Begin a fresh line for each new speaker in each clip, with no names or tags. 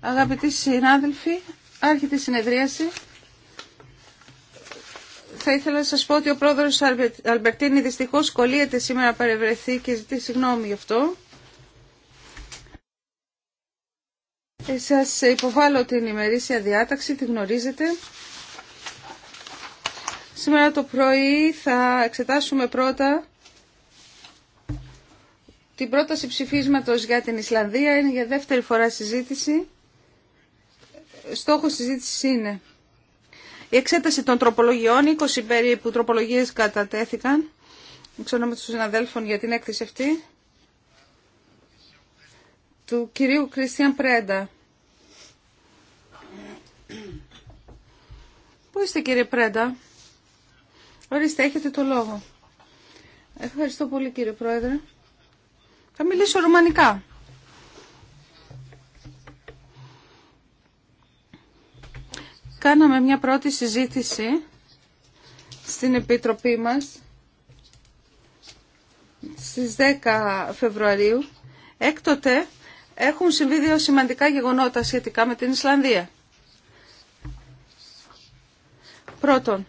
Αγαπητοί συνάδελφοι, άρχεται η συνεδρίαση. Θα ήθελα να σας πω ότι ο πρόεδρος Αλμπερτίνη δυστυχώς κολλείεται σήμερα παρευρεθεί και ζητεί συγγνώμη γι' αυτό. Ε, σας υποβάλλω την ημερήσια διάταξη, τη γνωρίζετε. Σήμερα το πρωί θα εξετάσουμε πρώτα την πρόταση ψηφίσματος για την Ισλανδία είναι για δεύτερη φορά συζήτηση. Στόχος συζήτησης είναι η εξέταση των τροπολογιών, 20 περίπου τροπολογίες κατατέθηκαν, ξέρω με τους συναδέλφων για την έκθεση αυτή, του κυρίου Κριστιαν Πρέντα. Πού είστε κύριε Πρέντα? Ορίστε, έχετε το λόγο. Ευχαριστώ πολύ κύριε Πρόεδρε. Θα μιλήσω ρουμανικά. Κάναμε μια πρώτη συζήτηση στην Επίτροπή μας στις 10 Φεβρουαρίου. Έκτοτε έχουν συμβεί δύο σημαντικά γεγονότα σχετικά με την Ισλανδία. Πρώτον,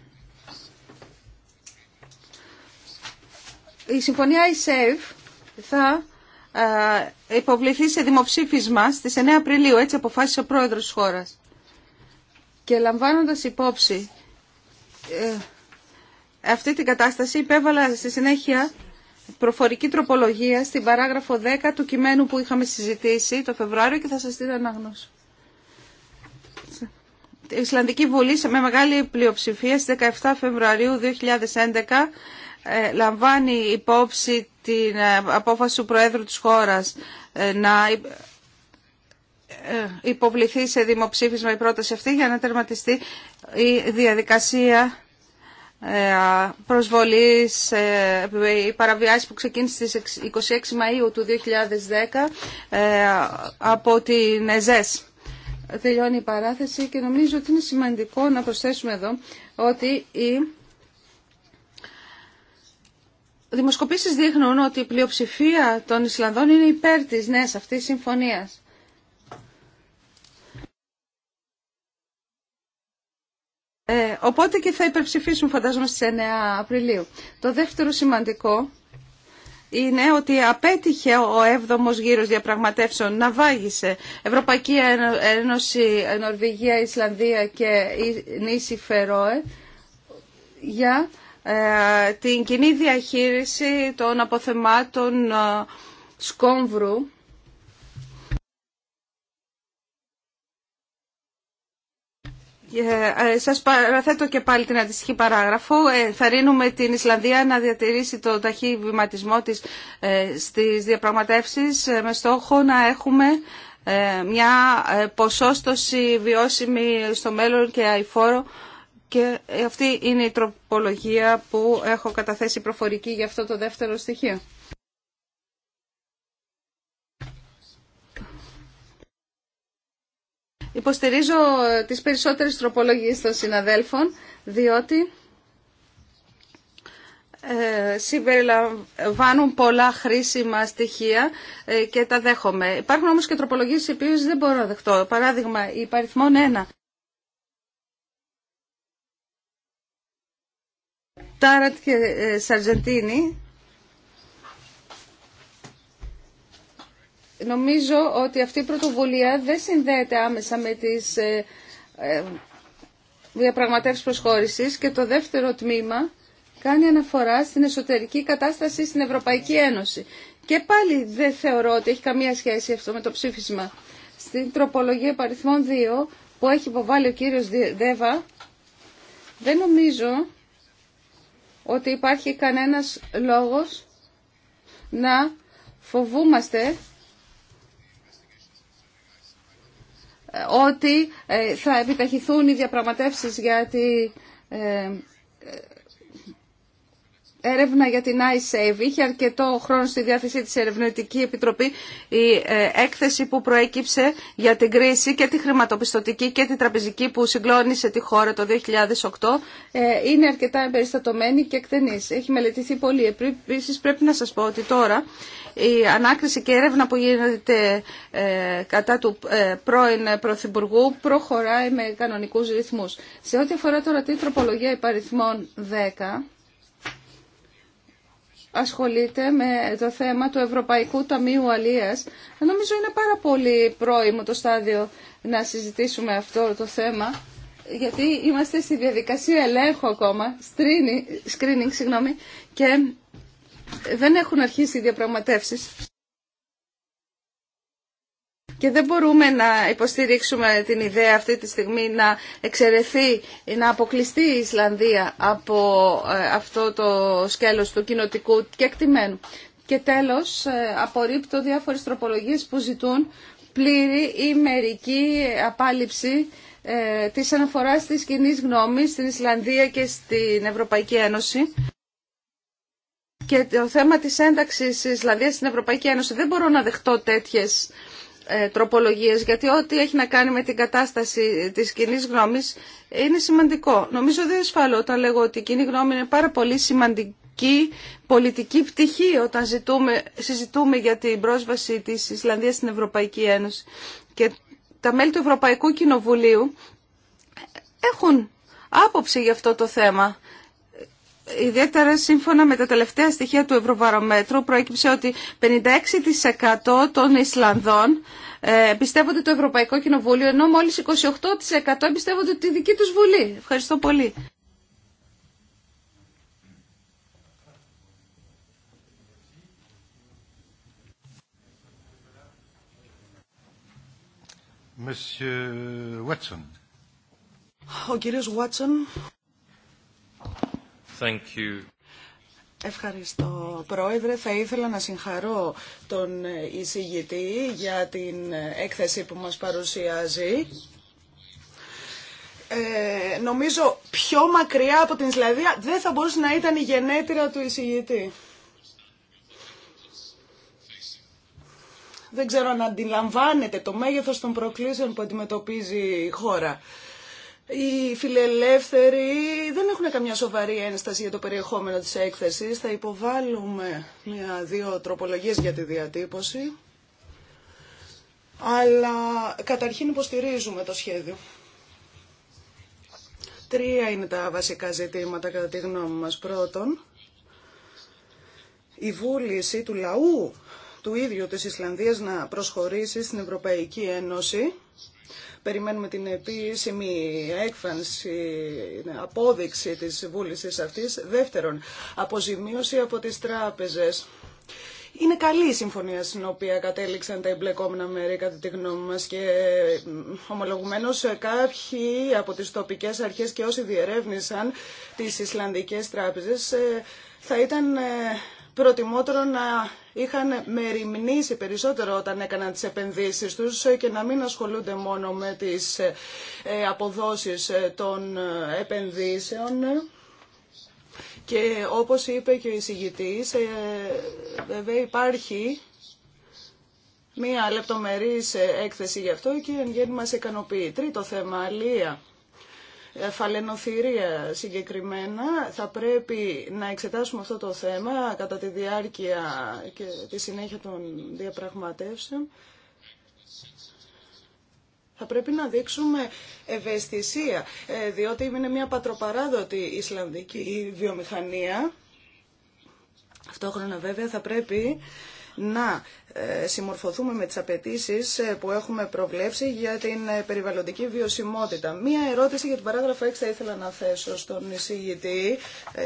η συμφωνία ISAVE ε θα υποβληθεί σε δημοψήφισμα στις 9 Απριλίου, έτσι αποφάσισε ο πρόεδρος της χώρας. Και λαμβάνοντας υπόψη ε, αυτή την κατάσταση υπέβαλα στη συνέχεια προφορική τροπολογία στην παράγραφο 10 του κειμένου που είχαμε συζητήσει το Φεβρουάριο και θα σας την αναγνώσω. Η Ισλανδική Βουλή με μεγάλη πλειοψηφία στις 17 Φεβρουαρίου 2011 ε, λαμβάνει υπόψη την ε, απόφαση του Προέδρου της χώρας ε, να ε, υποβληθεί σε δημοψήφισμα η πρόταση αυτή για να τερματιστεί η διαδικασία προσβολής, η παραβιάση που ξεκίνησε στις 26 Μαΐου του 2010 από την ΕΖΕΣ. Τελειώνει η παράθεση και νομίζω ότι είναι σημαντικό να προσθέσουμε εδώ ότι η Δημοσκοπήσεις δείχνουν ότι η πλειοψηφία των Ισλανδών είναι υπέρ της νέας αυτής συμφωνίας. Ε, οπότε και θα υπερψηφίσουν φαντάζομαι στις 9 Απριλίου. Το δεύτερο σημαντικό είναι ότι απέτυχε ο έβδομος γύρος διαπραγματεύσεων να βάγισε Ευρωπαϊκή Ένωση, Νορβηγία, Ισλανδία και Νήσι Φερόε για ε, την κοινή διαχείριση των αποθεμάτων ε, σκόμβρου. Ε, ε, σας παραθέτω και πάλι την αντιστοιχή παράγραφο. θα ρίνουμε την Ισλανδία να διατηρήσει το ταχύ βηματισμό της ε, στις διαπραγματεύσεις με στόχο να έχουμε μια ποσόστοση βιώσιμη στο μέλλον και αηφόρο και ε, αυτή είναι η τροπολογία που έχω καταθέσει προφορική για αυτό το δεύτερο στοιχείο. Υποστηρίζω ε, τις περισσότερες τροπολογίες των συναδέλφων, διότι ε, συμπεριλαμβάνουν πολλά χρήσιμα στοιχεία και τα δέχομαι. Υπάρχουν όμως και τροπολογίες οι οποίες δεν μπορώ να δεχτώ. Παράδειγμα, η παριθμόν 1 Τάρατ και ε, Σαρζεντίνη. Νομίζω ότι αυτή η πρωτοβουλία δεν συνδέεται άμεσα με τις ε, ε, διαπραγματεύσεις προσχώρησης και το δεύτερο τμήμα κάνει αναφορά στην εσωτερική κατάσταση στην Ευρωπαϊκή Ένωση. Και πάλι δεν θεωρώ ότι έχει καμία σχέση αυτό με το ψήφισμα. Στην τροπολογία παριθμών 2 που έχει υποβάλει ο κύριος Δέβα, δεν νομίζω ότι υπάρχει κανένας λόγος να φοβούμαστε ε, ότι ε, θα επιταχυθούν οι διαπραγματεύσεις γιατί έρευνα για την iSave. Είχε αρκετό χρόνο στη διάθεσή της Ερευνητική Επιτροπή η ε, έκθεση που προέκυψε για την κρίση και τη χρηματοπιστωτική και τη τραπεζική που συγκλώνησε τη χώρα το 2008. Ε, είναι αρκετά εμπεριστατωμένη και εκτενής. Έχει μελετηθεί πολύ. Επίση πρέπει να σας πω ότι τώρα η ανάκριση και η έρευνα που γίνεται ε, κατά του πρώην Πρωθυπουργού προχωράει με κανονικούς ρυθμούς. Σε ό,τι αφορά τώρα την τροπολογία υπαριθμών 10 ασχολείται με το θέμα του Ευρωπαϊκού Ταμείου Αλίας. Νομίζω είναι πάρα πολύ πρόημο το στάδιο να συζητήσουμε αυτό το θέμα, γιατί είμαστε στη διαδικασία ελέγχου ακόμα, screening, screening συγγνώμη, και δεν έχουν αρχίσει οι διαπραγματεύσεις και δεν μπορούμε να υποστηρίξουμε την ιδέα αυτή τη στιγμή να εξαιρεθεί, να αποκλειστεί η Ισλανδία από ε, αυτό το σκέλος του κοινοτικού και εκτιμένου. Και τέλος, ε, απορρίπτω διάφορες τροπολογίες που ζητούν πλήρη ή μερική απάλληψη ε, της αναφοράς της κοινή γνώμης στην Ισλανδία και στην Ευρωπαϊκή Ένωση. Και το θέμα της ένταξης της Ισλανδίας στην Ευρωπαϊκή Ένωση δεν μπορώ να δεχτώ τέτοιες ε, τροπολογίες, γιατί ό,τι έχει να κάνει με την κατάσταση της κοινή γνώμης είναι σημαντικό. Νομίζω δεν ασφαλώ όταν λέγω ότι η κοινή γνώμη είναι πάρα πολύ σημαντική πολιτική πτυχή όταν ζητούμε, συζητούμε για την πρόσβαση της Ισλανδίας στην Ευρωπαϊκή Ένωση. Και τα μέλη του Ευρωπαϊκού Κοινοβουλίου έχουν άποψη για αυτό το θέμα Ιδιαίτερα σύμφωνα με τα τελευταία στοιχεία του Ευρωβαρομέτρου προέκυψε ότι 56% των Ισλανδών ε, εμπιστεύονται το Ευρωπαϊκό Κοινοβούλιο ενώ μόλις 28% εμπιστεύονται τη δική τους Βουλή. Ευχαριστώ πολύ.
Ο κύριος Watson. Ευχαριστώ Πρόεδρε. Θα ήθελα να συγχαρώ τον εισηγητή για την έκθεση που μας παρουσιάζει. Ε, νομίζω πιο μακριά από την Ισλανδία δεν θα μπορούσε να ήταν η γενέτειρα του εισηγητή. Δεν ξέρω αν αντιλαμβάνεται το μέγεθος των προκλήσεων που αντιμετωπίζει η χώρα οι φιλελεύθεροι δεν έχουν καμιά σοβαρή ένσταση για το περιεχόμενο της έκθεσης. Θα υποβάλουμε μια-δύο τροπολογίες για τη διατύπωση. Αλλά καταρχήν υποστηρίζουμε το σχέδιο. Τρία είναι τα βασικά ζητήματα κατά τη γνώμη μας. Πρώτον, η βούληση του λαού του ίδιου της Ισλανδίας να προσχωρήσει στην Ευρωπαϊκή Ένωση Περιμένουμε την επίσημη έκφανση, απόδειξη της βούλησης αυτής. Δεύτερον, αποζημίωση από τις τράπεζες. Είναι καλή η συμφωνία στην οποία κατέληξαν τα εμπλεκόμενα μέρη κατά τη γνώμη μας και ομολογουμένως κάποιοι από τις τοπικές αρχές και όσοι διερεύνησαν τις Ισλανδικές τράπεζες ε, θα ήταν ε, προτιμότερο να είχαν μεριμνήσει περισσότερο όταν έκαναν τις επενδύσεις τους και να μην ασχολούνται μόνο με τις ε, αποδόσεις ε, των ε, επενδύσεων. Και όπως είπε και ο εισηγητής, βέβαια υπάρχει μία λεπτομερής έκθεση γι' αυτό και εν γέννη μας ικανοποιεί. Τρίτο θέμα, Αλία φαλαινοθυρία συγκεκριμένα. Θα πρέπει να εξετάσουμε αυτό το θέμα κατά τη διάρκεια και τη συνέχεια των διαπραγματεύσεων. Θα πρέπει να δείξουμε ευαισθησία, ε, διότι είναι μια πατροπαράδοτη Ισλανδική βιομηχανία. Αυτόχρονα βέβαια θα πρέπει να ε, συμμορφωθούμε με τις απαιτήσει ε, που έχουμε προβλέψει για την ε, περιβαλλοντική βιωσιμότητα. Μία ερώτηση για την παράγραφο 6 θα ήθελα να θέσω στον εισηγητή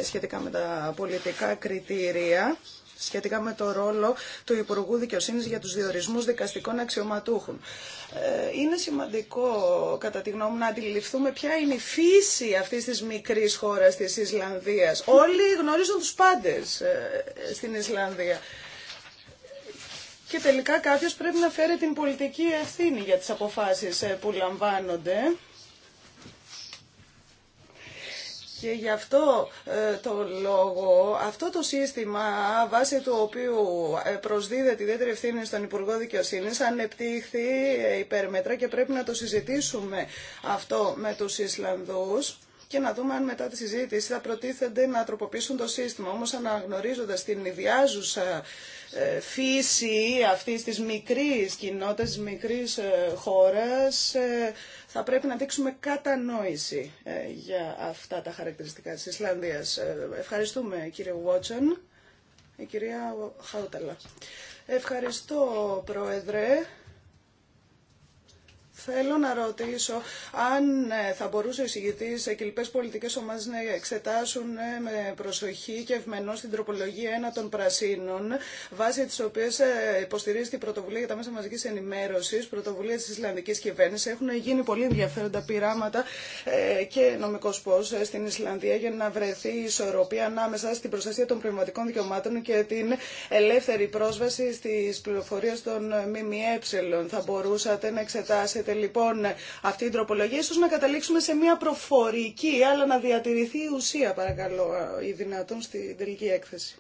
σχετικά με τα πολιτικά κριτήρια σχετικά με το ρόλο του Υπουργού Δικαιοσύνης για τους διορισμούς δικαστικών αξιωματούχων. Είναι σημαντικό, κατά τη γνώμη μου, να αντιληφθούμε ποια είναι η φύση αυτής της μικρής χώρας της Ισλανδίας. Όλοι γνωρίζουν τους πάντες στην Ισλανδία και τελικά κάποιος πρέπει να φέρει την πολιτική ευθύνη για τις αποφάσεις ε, που λαμβάνονται. Και γι' αυτό ε, το λόγο, αυτό το σύστημα βάσει του οποίου ε, προσδίδεται ιδιαίτερη ευθύνη στον Υπουργό Δικαιοσύνη ανεπτύχθη υπέρμετρα και πρέπει να το συζητήσουμε αυτό με τους Ισλανδούς και να δούμε αν μετά τη συζήτηση θα προτίθενται να τροποποιήσουν το σύστημα. Όμως αναγνωρίζοντα την ιδιάζουσα ε, φύση αυτής της μικρής κοινότητας, τη μικρής ε, χώρας, ε, θα πρέπει να δείξουμε κατανόηση για αυτά τα χαρακτηριστικά της Ισλανδίας. Ευχαριστούμε κύριε Βότσον, η κυρία Χάουταλα. Ευχαριστώ πρόεδρε. Θέλω να ρωτήσω αν ε, θα μπορούσε ο εισηγητή και λοιπέ πολιτικέ ομάδε να εξετάσουν ε, με προσοχή και ευμενώ στην τροπολογία ένα των Πρασίνων, βάσει τη οποία ε, υποστηρίζεται η πρωτοβουλία για τα μέσα μαζική ενημέρωση, πρωτοβουλία τη Ισλανδική κυβέρνηση. Έχουν γίνει πολύ ενδιαφέροντα πειράματα και νομικό πώ στην Ισλανδία για να βρεθεί ισορροπία ανάμεσα στην προστασία των πνευματικών δικαιωμάτων και την ελεύθερη πρόσβαση στι πληροφορίε των ΜΜΕ. Θα μπορούσατε να εξετάσετε λοιπόν αυτή η τροπολογία, ίσως να καταλήξουμε σε μια προφορική, αλλά να διατηρηθεί η ουσία παρακαλώ, ε, η δυνατόν στην τελική έκθεση.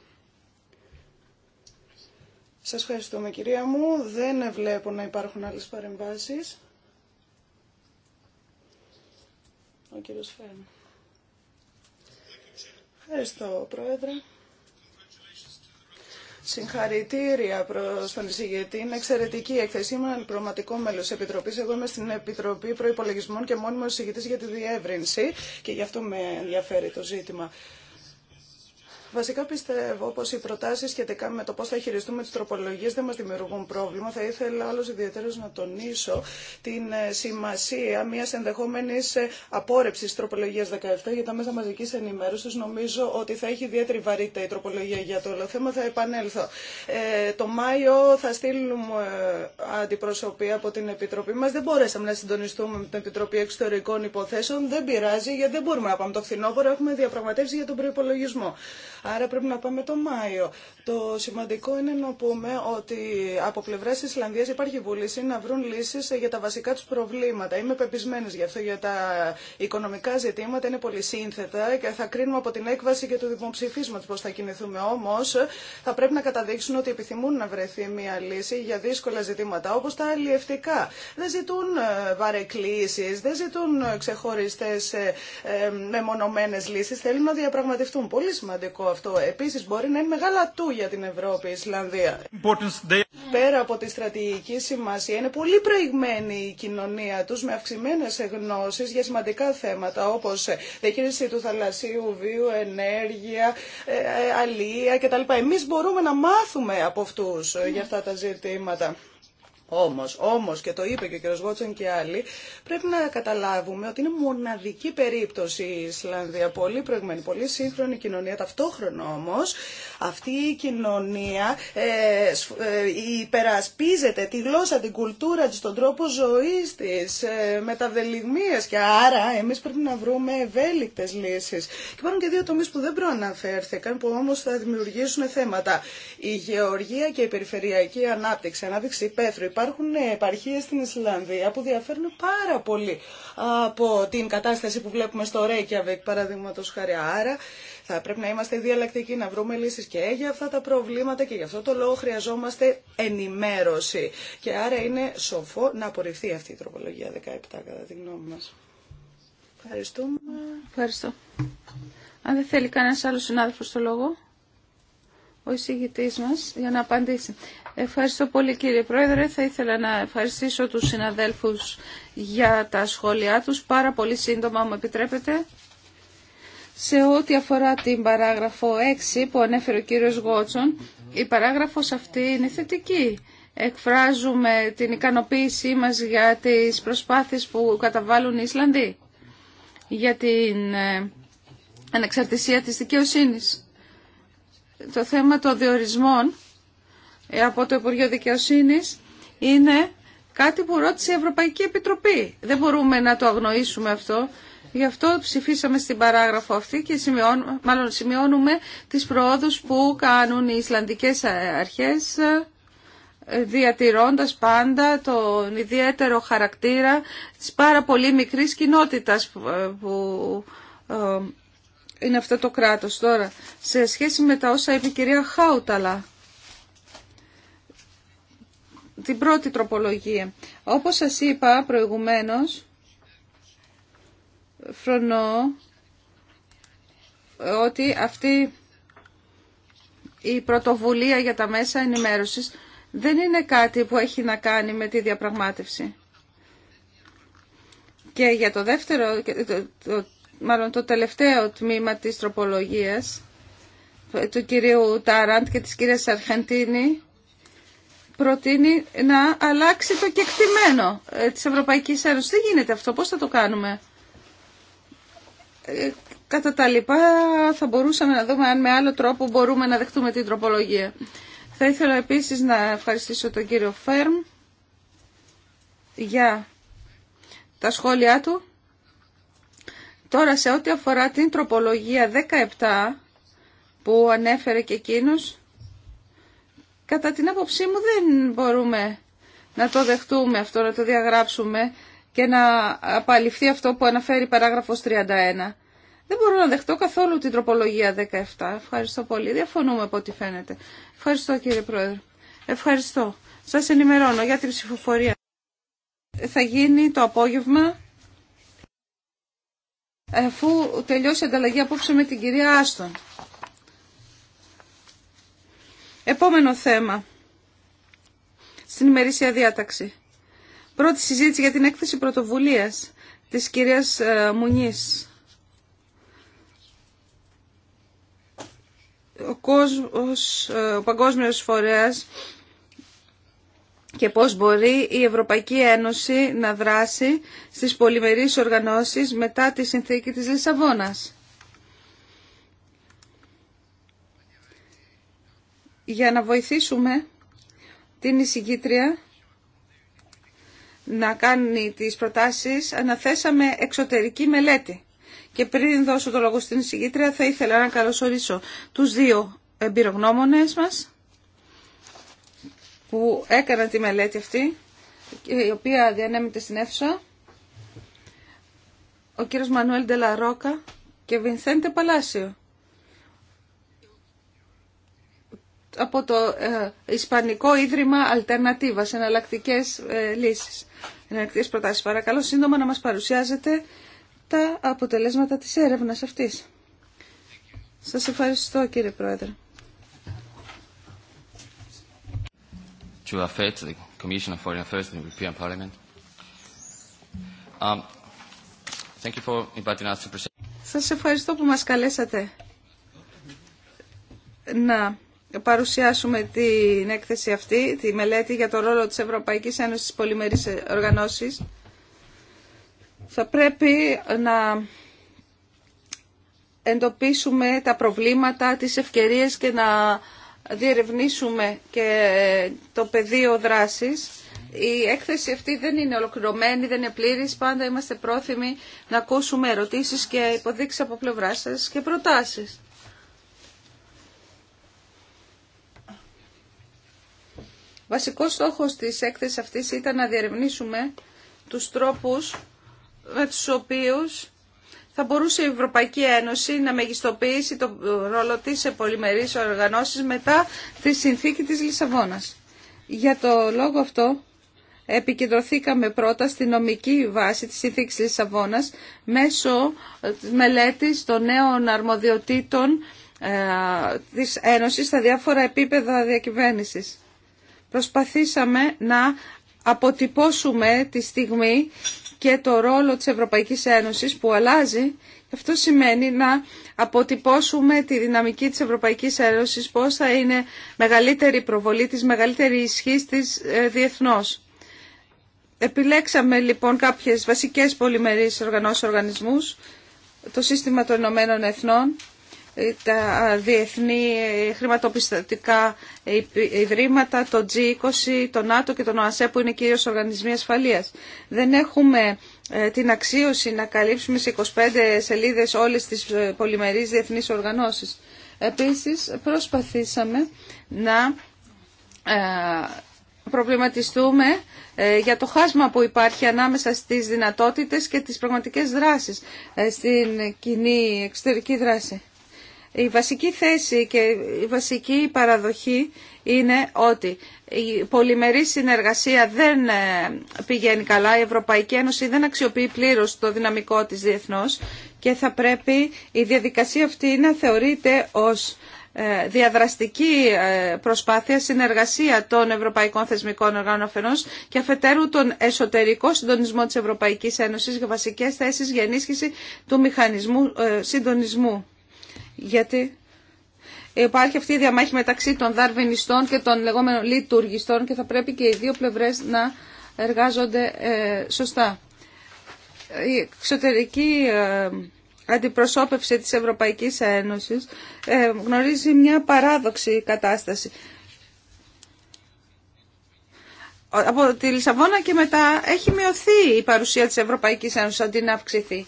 Σας ευχαριστούμε κυρία μου. Δεν βλέπω να υπάρχουν άλλες παρεμβάσεις. Ο κύριος Φέρν. Ευχαριστώ πρόεδρε. Συγχαρητήρια προ τον εισηγητή. Είναι εξαιρετική η έκθεση. Είμαι πραγματικό μέλο τη Επιτροπή. Εγώ είμαι στην Επιτροπή Προπολογισμών και μόνιμο εισηγητή για τη διεύρυνση και γι' αυτό με ενδιαφέρει το ζήτημα. Βασικά πιστεύω πω οι προτάσει σχετικά με το πώ θα χειριστούμε τι τροπολογίε δεν μα δημιουργούν πρόβλημα. Θα ήθελα άλλο ιδιαίτερο να τονίσω την ε, σημασία μια ενδεχόμενη ε, απόρρεψη τροπολογία 17 για τα μέσα μαζική ενημέρωση. Νομίζω ότι θα έχει ιδιαίτερη βαρύτητα η τροπολογία για το όλο θέμα. Θα επανέλθω. Ε, το Μάιο θα στείλουμε αντιπροσωπή από την Επιτροπή μα. Δεν μπορέσαμε να συντονιστούμε με την Επιτροπή Εξωτερικών Υποθέσεων. Δεν πειράζει γιατί δεν μπορούμε να πάμε το φθινόπωρο. Έχουμε διαπραγματεύσει για τον προπολογισμό. Άρα πρέπει να πάμε το Μάιο. Το σημαντικό είναι να πούμε ότι από πλευρά τη Ισλανδία υπάρχει βούληση να βρουν λύσει για τα βασικά του προβλήματα. Είμαι πεπισμένη γι' αυτό για τα οικονομικά ζητήματα. Είναι πολύ σύνθετα και θα κρίνουμε από την έκβαση και του δημοψηφίσματο πώ θα κινηθούμε. Όμω θα πρέπει να καταδείξουν ότι επιθυμούν να βρεθεί μια λύση για δύσκολα ζητήματα όπω τα αλλιευτικά. Δεν ζητούν ε, βαρεκλήσει, δεν ζητούν ξεχωριστέ ε, ε, μεμονωμένε λύσει. Θέλουν να διαπραγματευτούν. Πολύ σημαντικό αυτό. Επίσης μπορεί να είναι μεγάλα του για την Ευρώπη η Ισλανδία. Πέρα από τη στρατηγική σημασία είναι πολύ προηγμένη η κοινωνία τους με αυξημένε γνώσεις για σημαντικά θέματα όπως διαχείριση του θαλασσίου, βίου, ενέργεια, ε, ε, αλία κτλ. Εμείς μπορούμε να μάθουμε από αυτούς για αυτά τα ζητήματα. Όμως, όμως και το είπε και ο κ. Γότσον και άλλοι, πρέπει να καταλάβουμε ότι είναι μοναδική περίπτωση η Ισλανδία, πολύ προηγμένη, πολύ σύγχρονη κοινωνία. Ταυτόχρονα όμως αυτή η κοινωνία ε, ε υπερασπίζεται τη γλώσσα, την κουλτούρα της, τον τρόπο ζωής της, ε, με τα και άρα εμείς πρέπει να βρούμε ευέλικτες λύσεις. Και υπάρχουν και δύο τομείς που δεν προαναφέρθηκαν, που όμως θα δημιουργήσουν θέματα. Η γεωργία και η περιφερειακή ανάπτυξη, ανάπτυξη υπάρχουν ναι, επαρχίε στην Ισλανδία που διαφέρουν πάρα πολύ από την κατάσταση που βλέπουμε στο Ρέικιαβεκ, παραδείγματο χάρη. Άρα θα πρέπει να είμαστε διαλλακτικοί, να βρούμε λύσει και για αυτά τα προβλήματα και γι' αυτό το λόγο χρειαζόμαστε ενημέρωση. Και άρα είναι σοφό να απορριφθεί αυτή η τροπολογία 17 κατά τη γνώμη μα.
Ευχαριστούμε. Ευχαριστώ. Αν δεν θέλει κανένα άλλο συνάδελφο το λόγο, ο εισηγητή μα για να απαντήσει. Ευχαριστώ πολύ κύριε Πρόεδρε. Θα ήθελα να ευχαριστήσω τους συναδέλφους για τα σχόλιά τους. Πάρα πολύ σύντομα μου επιτρέπετε. Σε ό,τι αφορά την παράγραφο 6 που ανέφερε ο κύριος Γότσον, η παράγραφος αυτή είναι θετική. Εκφράζουμε την ικανοποίησή μας για τις προσπάθειες που καταβάλουν οι Ισλανδοί για την ε, ανεξαρτησία της δικαιοσύνης. Το θέμα των διορισμών ε, από το Υπουργείο Δικαιοσύνης είναι κάτι που ρώτησε η Ευρωπαϊκή Επιτροπή. Δεν μπορούμε να το αγνοήσουμε αυτό. Γι' αυτό ψηφίσαμε στην παράγραφο αυτή και σημειώνουμε, μάλλον σημειώνουμε τις προόδους που κάνουν οι Ισλανδικές αρχές ε, διατηρώντας πάντα τον ιδιαίτερο χαρακτήρα της πάρα πολύ μικρής κοινότητας που ε, είναι αυτό το κράτος τώρα. Σε σχέση με τα όσα είπε η κυρία Χάουταλα, την πρώτη τροπολογία. Όπως σας είπα προηγουμένως, φρονώ ότι αυτή η πρωτοβουλία για τα μέσα ενημέρωσης δεν είναι κάτι που έχει να κάνει με τη διαπραγμάτευση. Και για το δεύτερο, μάλλον το τελευταίο τμήμα της τροπολογίας του κυρίου Τάραντ και της κυρίας Αρχεντίνη προτείνει να αλλάξει το κεκτημένο ε, της Ευρωπαϊκής Ένωσης. Τι γίνεται αυτό, πώς θα το κάνουμε. Ε, κατά τα λοιπά θα μπορούσαμε να δούμε αν με άλλο τρόπο μπορούμε να δεχτούμε την τροπολογία. Θα ήθελα επίσης να ευχαριστήσω τον κύριο Φέρμ για τα σχόλιά του. Τώρα σε ό,τι αφορά την τροπολογία 17 που ανέφερε και εκείνος, Κατά την άποψή μου δεν μπορούμε να το δεχτούμε αυτό, να το διαγράψουμε και να απαλληφθεί αυτό που αναφέρει παράγραφος 31. Δεν μπορώ να δεχτώ καθόλου την τροπολογία 17. Ευχαριστώ πολύ. Διαφωνούμε από ό,τι φαίνεται. Ευχαριστώ κύριε Πρόεδρε. Ευχαριστώ. Σας ενημερώνω για την ψηφοφορία. Θα γίνει το απόγευμα αφού τελειώσει η ανταλλαγή απόψε με την κυρία Άστον. Επόμενο θέμα στην ημερήσια διάταξη. Πρώτη συζήτηση για την έκθεση πρωτοβουλίας της κυρίας ε, Μουνής. Ο, κόσμος, ε, ο Παγκόσμιος Φορέας και πώς μπορεί η Ευρωπαϊκή Ένωση να δράσει στις πολυμερείς οργανώσεις μετά τη συνθήκη της Λισαβόνας. για να βοηθήσουμε την εισηγήτρια να κάνει τις προτάσεις, αναθέσαμε εξωτερική μελέτη. Και πριν δώσω το λόγο στην εισηγήτρια, θα ήθελα να καλωσορίσω τους δύο εμπειρογνώμονες μας που έκαναν τη μελέτη αυτή, η οποία διανέμεται στην αίθουσα. Ο κύριος Μανουέλ Ντελαρόκα και Βινθέντε Παλάσιο από το ε, Ισπανικό Ίδρυμα Αλτερνατίβα, εναλλακτικέ ε, λύσει. Εναλλακτικέ προτάσει. Παρακαλώ σύντομα να μα παρουσιάζετε τα αποτελέσματα τη έρευνα αυτή. Σα ευχαριστώ κύριε Πρόεδρε. Σας ευχαριστώ που μας καλέσατε να παρουσιάσουμε την έκθεση αυτή, τη μελέτη για το ρόλο της Ευρωπαϊκής Ένωσης στις πολυμερείς οργανώσεις, θα πρέπει να εντοπίσουμε τα προβλήματα, τις ευκαιρίες και να διερευνήσουμε και το πεδίο δράσης. Η έκθεση αυτή δεν είναι ολοκληρωμένη, δεν είναι πλήρης. Πάντα είμαστε πρόθυμοι να ακούσουμε ερωτήσεις και υποδείξεις από πλευρά σας και προτάσεις. Βασικό στόχος της έκθεσης αυτής ήταν να διερευνήσουμε τους τρόπους με τους οποίους θα μπορούσε η Ευρωπαϊκή Ένωση να μεγιστοποιήσει τον ρόλο της σε πολυμερείς οργανώσεις μετά τη συνθήκη της Λισαβόνας. Για το λόγο αυτό επικεντρωθήκαμε πρώτα στη νομική βάση της συνθήκης της Λισαβόνας μέσω μελέτης των νέων αρμοδιοτήτων ε, της Ένωσης στα διάφορα επίπεδα διακυβέρνησης. Προσπαθήσαμε να αποτυπώσουμε τη στιγμή και το ρόλο της Ευρωπαϊκής Ένωσης που αλλάζει. Αυτό σημαίνει να αποτυπώσουμε τη δυναμική της Ευρωπαϊκής Ένωσης, πώς θα είναι μεγαλύτερη προβολή της, μεγαλύτερη ισχύ της ε, διεθνώς. Επιλέξαμε λοιπόν κάποιες βασικές πολυμερείς οργανώσεις οργανισμούς, το σύστημα των Ηνωμένων Εθνών, τα διεθνή χρηματοπιστωτικά ιδρύματα, το G20, το ΝΑΤΟ και τον ΟΑΣΕ που είναι κυρίως οργανισμοί ασφαλείας. Δεν έχουμε ε, την αξίωση να καλύψουμε σε 25 σελίδες όλες τις ε, πολυμερείς διεθνείς οργανώσεις. Επίσης προσπαθήσαμε να ε, προβληματιστούμε για το χάσμα που υπάρχει ανάμεσα στις δυνατότητες και τις πραγματικές δράσεις στην κοινή εξωτερική δράση. Η βασική θέση και η βασική παραδοχή είναι ότι η πολυμερή συνεργασία δεν ε, πηγαίνει καλά, η Ευρωπαϊκή Ένωση δεν αξιοποιεί πλήρως το δυναμικό της διεθνώς και θα πρέπει η διαδικασία αυτή να θεωρείται ως ε, διαδραστική ε, προσπάθεια, συνεργασία των Ευρωπαϊκών Θεσμικών Οργάνων αφενός και αφετέρου τον εσωτερικό συντονισμό της Ευρωπαϊκής Ένωσης για βασικές θέσεις για ενίσχυση του μηχανισμού συντονισμού γιατί υπάρχει αυτή η διαμάχη μεταξύ των δαρβενιστών και των λεγόμενων λειτουργιστών και θα πρέπει και οι δύο πλευρές να εργάζονται ε, σωστά. Η εξωτερική ε, αντιπροσώπευση της Ευρωπαϊκής Ένωσης ε, γνωρίζει μια παράδοξη κατάσταση. Από τη Λισαβόνα και μετά έχει μειωθεί η παρουσία της Ευρωπαϊκής Ένωσης αντί να αυξηθεί.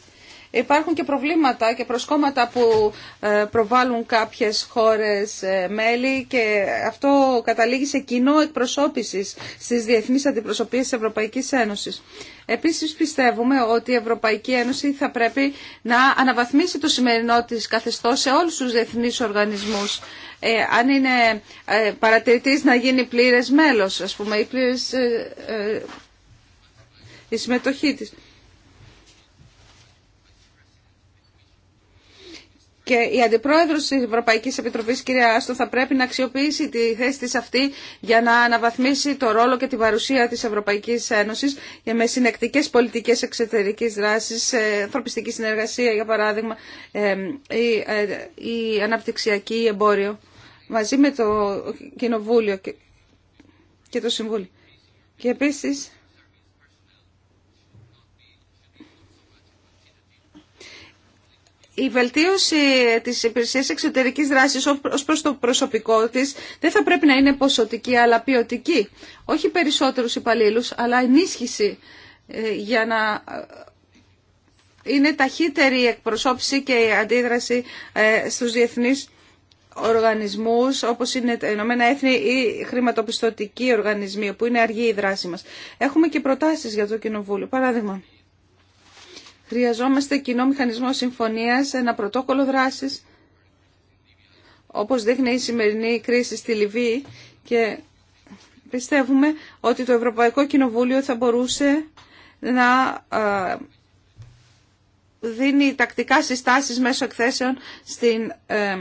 Υπάρχουν και προβλήματα και προσκόμματα που ε, προβάλλουν κάποιες χώρες ε, μέλη και αυτό καταλήγει σε κοινό εκπροσώπηση στις διεθνείς αντιπροσωπείες της Ευρωπαϊκής Ένωσης. Επίσης πιστεύουμε ότι η Ευρωπαϊκή Ένωση θα πρέπει να αναβαθμίσει το σημερινό της καθεστώς σε όλους τους διεθνείς οργανισμούς. Ε, αν είναι ε, να γίνει πλήρες μέλος, ας πούμε, ή η συμμετοχή της. Και η Αντιπρόεδρο τη Ευρωπαϊκή Επιτροπή, κυρία Άστο, θα πρέπει να αξιοποιήσει τη θέση τη αυτή για να αναβαθμίσει το ρόλο και την παρουσία τη Ευρωπαϊκή Ένωση με συνεκτικέ πολιτικέ εξωτερική δράση, ανθρωπιστική συνεργασία, για παράδειγμα, ε, η αναπτυξιακή εμπόριο, μαζί με το Κοινοβούλιο και το Συμβούλιο. Και επίσης η βελτίωση τη υπηρεσία εξωτερικής δράσης ως προς το προσωπικό τη δεν θα πρέπει να είναι ποσοτική αλλά ποιοτική. Όχι περισσότερους υπαλλήλου, αλλά ενίσχυση ε, για να ε, είναι ταχύτερη η εκπροσώπηση και η αντίδραση ε, στους διεθνείς οργανισμούς όπως είναι τα Ηνωμένα Έθνη ή χρηματοπιστωτικοί οργανισμοί που είναι αργή η δράση μας. Έχουμε και προτάσεις για το Κοινοβούλιο. Παράδειγμα. Χρειαζόμαστε κοινό μηχανισμό συμφωνίας, ένα πρωτόκολλο δράσης, όπως δείχνει η σημερινή κρίση στη Λιβύη και πιστεύουμε ότι το Ευρωπαϊκό Κοινοβούλιο θα μπορούσε να ε, δίνει τακτικά συστάσεις μέσω εκθέσεων στην ε,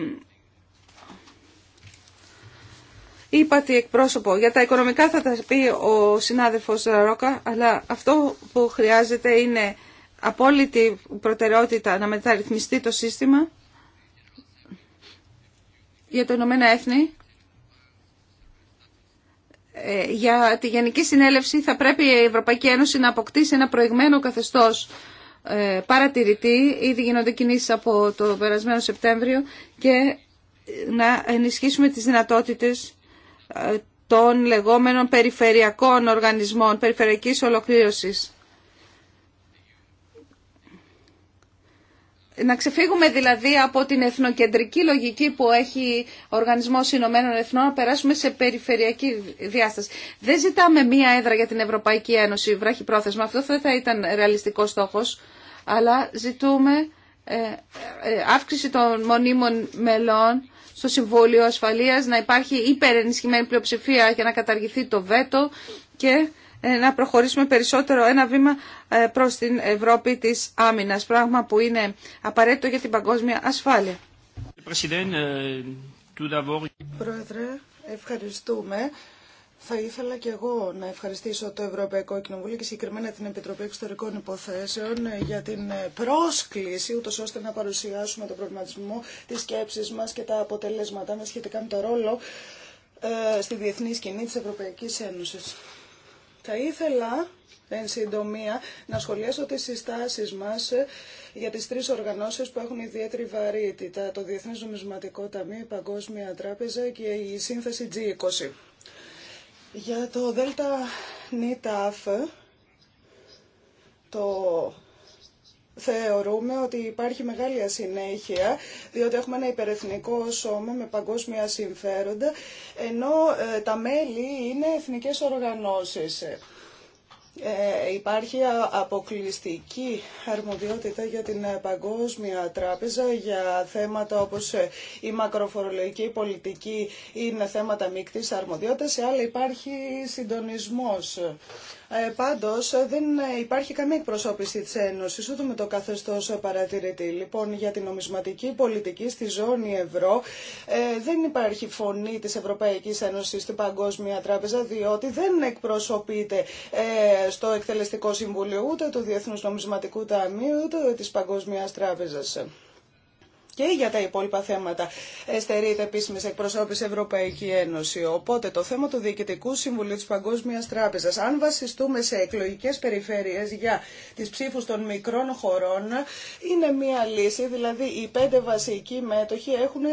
ύπατη εκπρόσωπο. Για τα οικονομικά θα τα πει ο συνάδελφος Ρόκα, αλλά αυτό που χρειάζεται είναι απόλυτη προτεραιότητα να μεταρρυθμιστεί το σύστημα για το Ηνωμένα Έθνη. Ε, για τη Γενική Συνέλευση θα πρέπει η Ευρωπαϊκή Ένωση να αποκτήσει ένα προηγμένο καθεστώς ε, παρατηρητή. Ήδη γίνονται κινήσεις από το περασμένο Σεπτέμβριο και ε, να ενισχύσουμε τις δυνατότητες των λεγόμενων περιφερειακών οργανισμών, περιφερειακής ολοκλήρωσης. να ξεφύγουμε δηλαδή από την εθνοκεντρική λογική που έχει ο Οργανισμός Εθνών, να περάσουμε σε περιφερειακή διάσταση. Δεν ζητάμε μία έδρα για την Ευρωπαϊκή Ένωση, βράχει πρόθεσμα, αυτό δεν θα ήταν ρεαλιστικός στόχος, αλλά ζητούμε ε, ε, αύξηση των μονίμων μελών στο Συμβούλιο Ασφαλείας, να υπάρχει υπερενισχυμένη πλειοψηφία για να καταργηθεί το βέτο και να προχωρήσουμε περισσότερο ένα βήμα ε, προς την Ευρώπη της άμυνας, πράγμα που είναι απαραίτητο για την παγκόσμια ασφάλεια.
Ε,
Πρόεδρε, ευχαριστούμε. Θα ήθελα και εγώ να ευχαριστήσω το Ευρωπαϊκό Κοινοβούλιο και συγκεκριμένα την Επιτροπή Εξωτερικών Υποθέσεων ε, για την πρόσκληση, ούτως ώστε να παρουσιάσουμε τον προβληματισμό, τι σκέψει μας και τα αποτελέσματά μας σχετικά με το ρόλο στη διεθνή σκηνή της Ευρωπαϊκής Ένωση. Θα ήθελα, εν συντομία, να σχολιάσω τις συστάσεις μας ε, για τις τρεις οργανώσεις που έχουν ιδιαίτερη βαρύτητα, το Διεθνές Νομισματικό Ταμείο, η Παγκόσμια Τράπεζα και η Σύνθεση G20. Για το ΔΝΤΑΦ, το Θεωρούμε ότι υπάρχει μεγάλη ασυνέχεια, διότι έχουμε ένα υπερεθνικό σώμα με παγκόσμια συμφέροντα, ενώ ε, τα μέλη είναι εθνικές οργανώσεις ε, υπάρχει αποκλειστική αρμοδιότητα για την ε, Παγκόσμια Τράπεζα για θέματα όπως ε, η μακροφορολογική πολιτική είναι θέματα μεικτής αρμοδιότητας, αλλά υπάρχει συντονισμός. Ε, πάντως ε, δεν υπάρχει καμία εκπροσώπηση της Ένωσης ούτε με το καθεστώς παρατηρητή. Λοιπόν, για την νομισματική πολιτική στη ζώνη ευρώ δεν υπάρχει φωνή της Ευρωπαϊκής Ένωσης στην Παγκόσμια Τράπεζα διότι δεν εκπροσωπείται στο εκτελεστικό συμβούλιο ούτε του Διεθνούς Νομισματικού Ταμείου ούτε της Παγκοσμίας Τράπεζας και για τα υπόλοιπα θέματα στερείται επίσημη εκπροσώπηση Ευρωπαϊκή Ένωση. Οπότε το θέμα του Διοικητικού Συμβουλίου τη Παγκόσμια Τράπεζα, αν βασιστούμε σε εκλογικέ περιφέρειες για τι ψήφου των μικρών χωρών, είναι μία λύση. Δηλαδή, οι πέντε βασικοί μέτοχοι έχουν ε,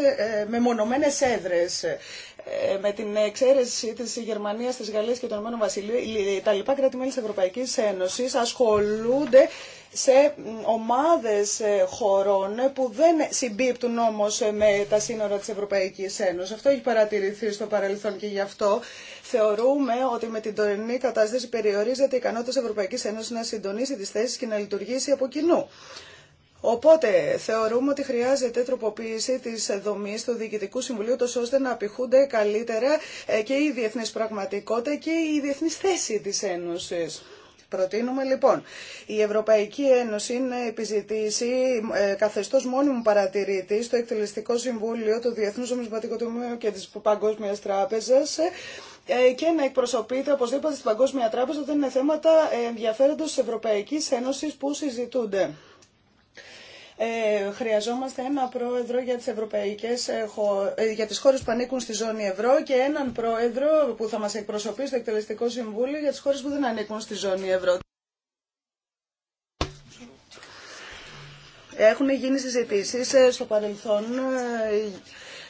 μεμονωμένε έδρε. Ε, με την εξαίρεση τη Γερμανία, τη Γαλλία και του Ηνωμένων Βασιλείου, τα λοιπά κράτη-μέλη τη Ευρωπαϊκή Ένωση ασχολούνται σε ομάδες ε, χωρών που δεν συμπίπτουν όμως ε, με τα σύνορα της Ευρωπαϊκής Ένωσης. Αυτό έχει παρατηρηθεί στο παρελθόν και γι' αυτό θεωρούμε ότι με την τωρινή κατάσταση περιορίζεται η ικανότητα της Ευρωπαϊκής Ένωσης να συντονίσει τις θέσεις και να λειτουργήσει από κοινού. Οπότε θεωρούμε ότι χρειάζεται τροποποίηση τη δομή του Διοικητικού Συμβουλίου, ώστε να απηχούνται καλύτερα ε, και η διεθνή πραγματικότητα και η διεθνή θέση τη Ένωση. Προτείνουμε λοιπόν η Ευρωπαϊκή Ένωση να επιζητήσει ε, καθεστώς μόνιμου παρατηρητή στο εκτελεστικό συμβούλιο του Διεθνούς Ομισματικού Τμήματο και της Παγκόσμιας Τράπεζας ε, και να εκπροσωπείται οπωσδήποτε στην Παγκόσμια Τράπεζα όταν είναι θέματα ενδιαφέροντος της Ευρωπαϊκής Ένωσης που συζητούνται. Ε, χρειαζόμαστε ένα πρόεδρο για τις, ευρωπαϊκές, ε, ε, για τις χώρες που ανήκουν στη ζώνη ευρώ και έναν πρόεδρο που θα μας εκπροσωπεί στο εκτελεστικό συμβούλιο για τις χώρες που δεν ανήκουν στη ζώνη ευρώ. Έχουν γίνει συζητήσεις στο παρελθόν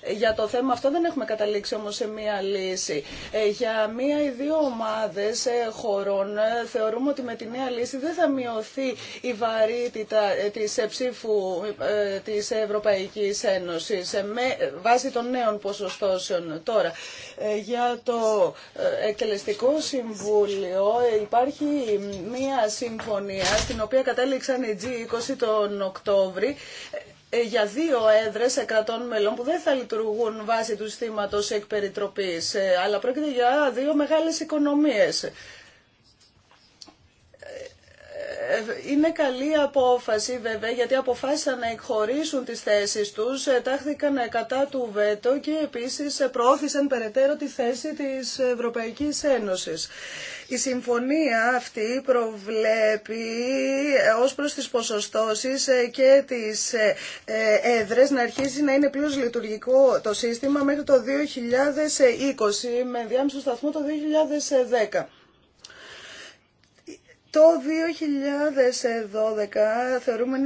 για το θέμα αυτό δεν έχουμε καταλήξει όμως σε μία λύση. Ε, για μία ή δύο ομάδες ε, χωρών ε, θεωρούμε ότι με τη νέα λύση δεν θα μειωθεί η βαρύτητα της ψήφου της Ευρωπαϊκής Ένωσης με βάση των νέων ποσοστώσεων. Τώρα, για το εκτελεστικό συμβούλιο υπάρχει μία συμφωνία στην οποία κατέληξαν οι G20 τον Οκτώβρη ε, για δύο έδρες κρατών μελών που δεν θα λειτουργούν βάσει του συστήματος εκπεριτροπής, ε, αλλά πρόκειται για δύο μεγάλες οικονομίες. Ε, είναι καλή απόφαση βέβαια γιατί αποφάσισαν να εκχωρήσουν τις θέσεις τους, τάχθηκαν κατά του βέτο και επίσης προώθησαν περαιτέρω τη θέση της Ευρωπαϊκής Ένωσης. Η συμφωνία αυτή προβλέπει ε, ως προς τις ποσοστώσεις ε, και τις ε, έδρες να αρχίσει να είναι πλήρω λειτουργικό το σύστημα μέχρι το 2020 με διάμεσο σταθμό το 2010. Το 2012 θεωρούμε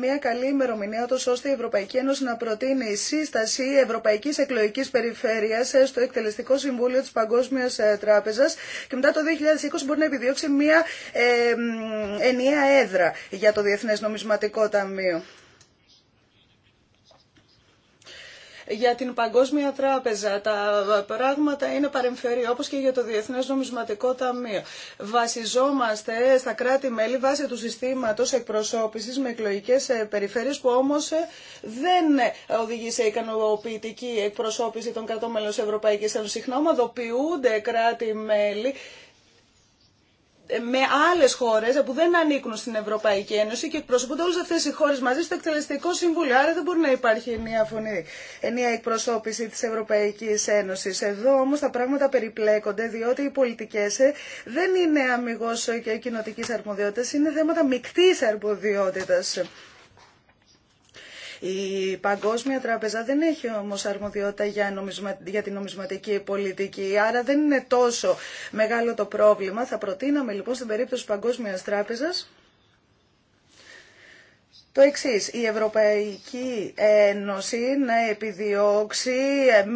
μια καλή ημερομηνία ώστε η Ευρωπαϊκή Ένωση να προτείνει η σύσταση Ευρωπαϊκής Εκλογικής Περιφέρειας στο Εκτελεστικό Συμβούλιο της Παγκόσμιας ε, Τράπεζας και μετά το 2020 μπορεί να επιδιώξει μια ε, ενιαία έδρα για το Διεθνές Νομισματικό Ταμείο. για την Παγκόσμια Τράπεζα. Τα πράγματα είναι παρεμφερή, όπως και για το Διεθνές Νομισματικό Ταμείο. Βασιζόμαστε στα κράτη-μέλη βάσει του συστήματος εκπροσώπησης με εκλογικές ε, περιφέρειες που όμως ε, δεν οδηγεί σε ικανοποιητική εκπροσώπηση των κρατών μέλων της Ευρωπαϊκή Ένωσης. Συχνά ομαδοποιούνται κράτη-μέλη με άλλε χώρε που δεν ανήκουν στην Ευρωπαϊκή Ένωση και εκπροσωπούνται όλε αυτέ οι χώρε μαζί στο εκτελεστικό συμβούλιο. Άρα δεν μπορεί να υπάρχει ενιαία φωνή, ενιαία εκπροσώπηση τη Ευρωπαϊκή Ένωση. Εδώ όμω τα πράγματα περιπλέκονται, διότι οι πολιτικέ ε, δεν είναι αμυγό και κοινοτική αρμοδιότητα, είναι θέματα μεικτή αρμοδιότητα. Η Παγκόσμια Τράπεζα δεν έχει όμως αρμοδιότητα για την νομισματική πολιτική, άρα δεν είναι τόσο μεγάλο το πρόβλημα. Θα προτείναμε λοιπόν στην περίπτωση της Παγκόσμιας Τράπεζας το εξή, η Ευρωπαϊκή Ένωση να επιδιώξει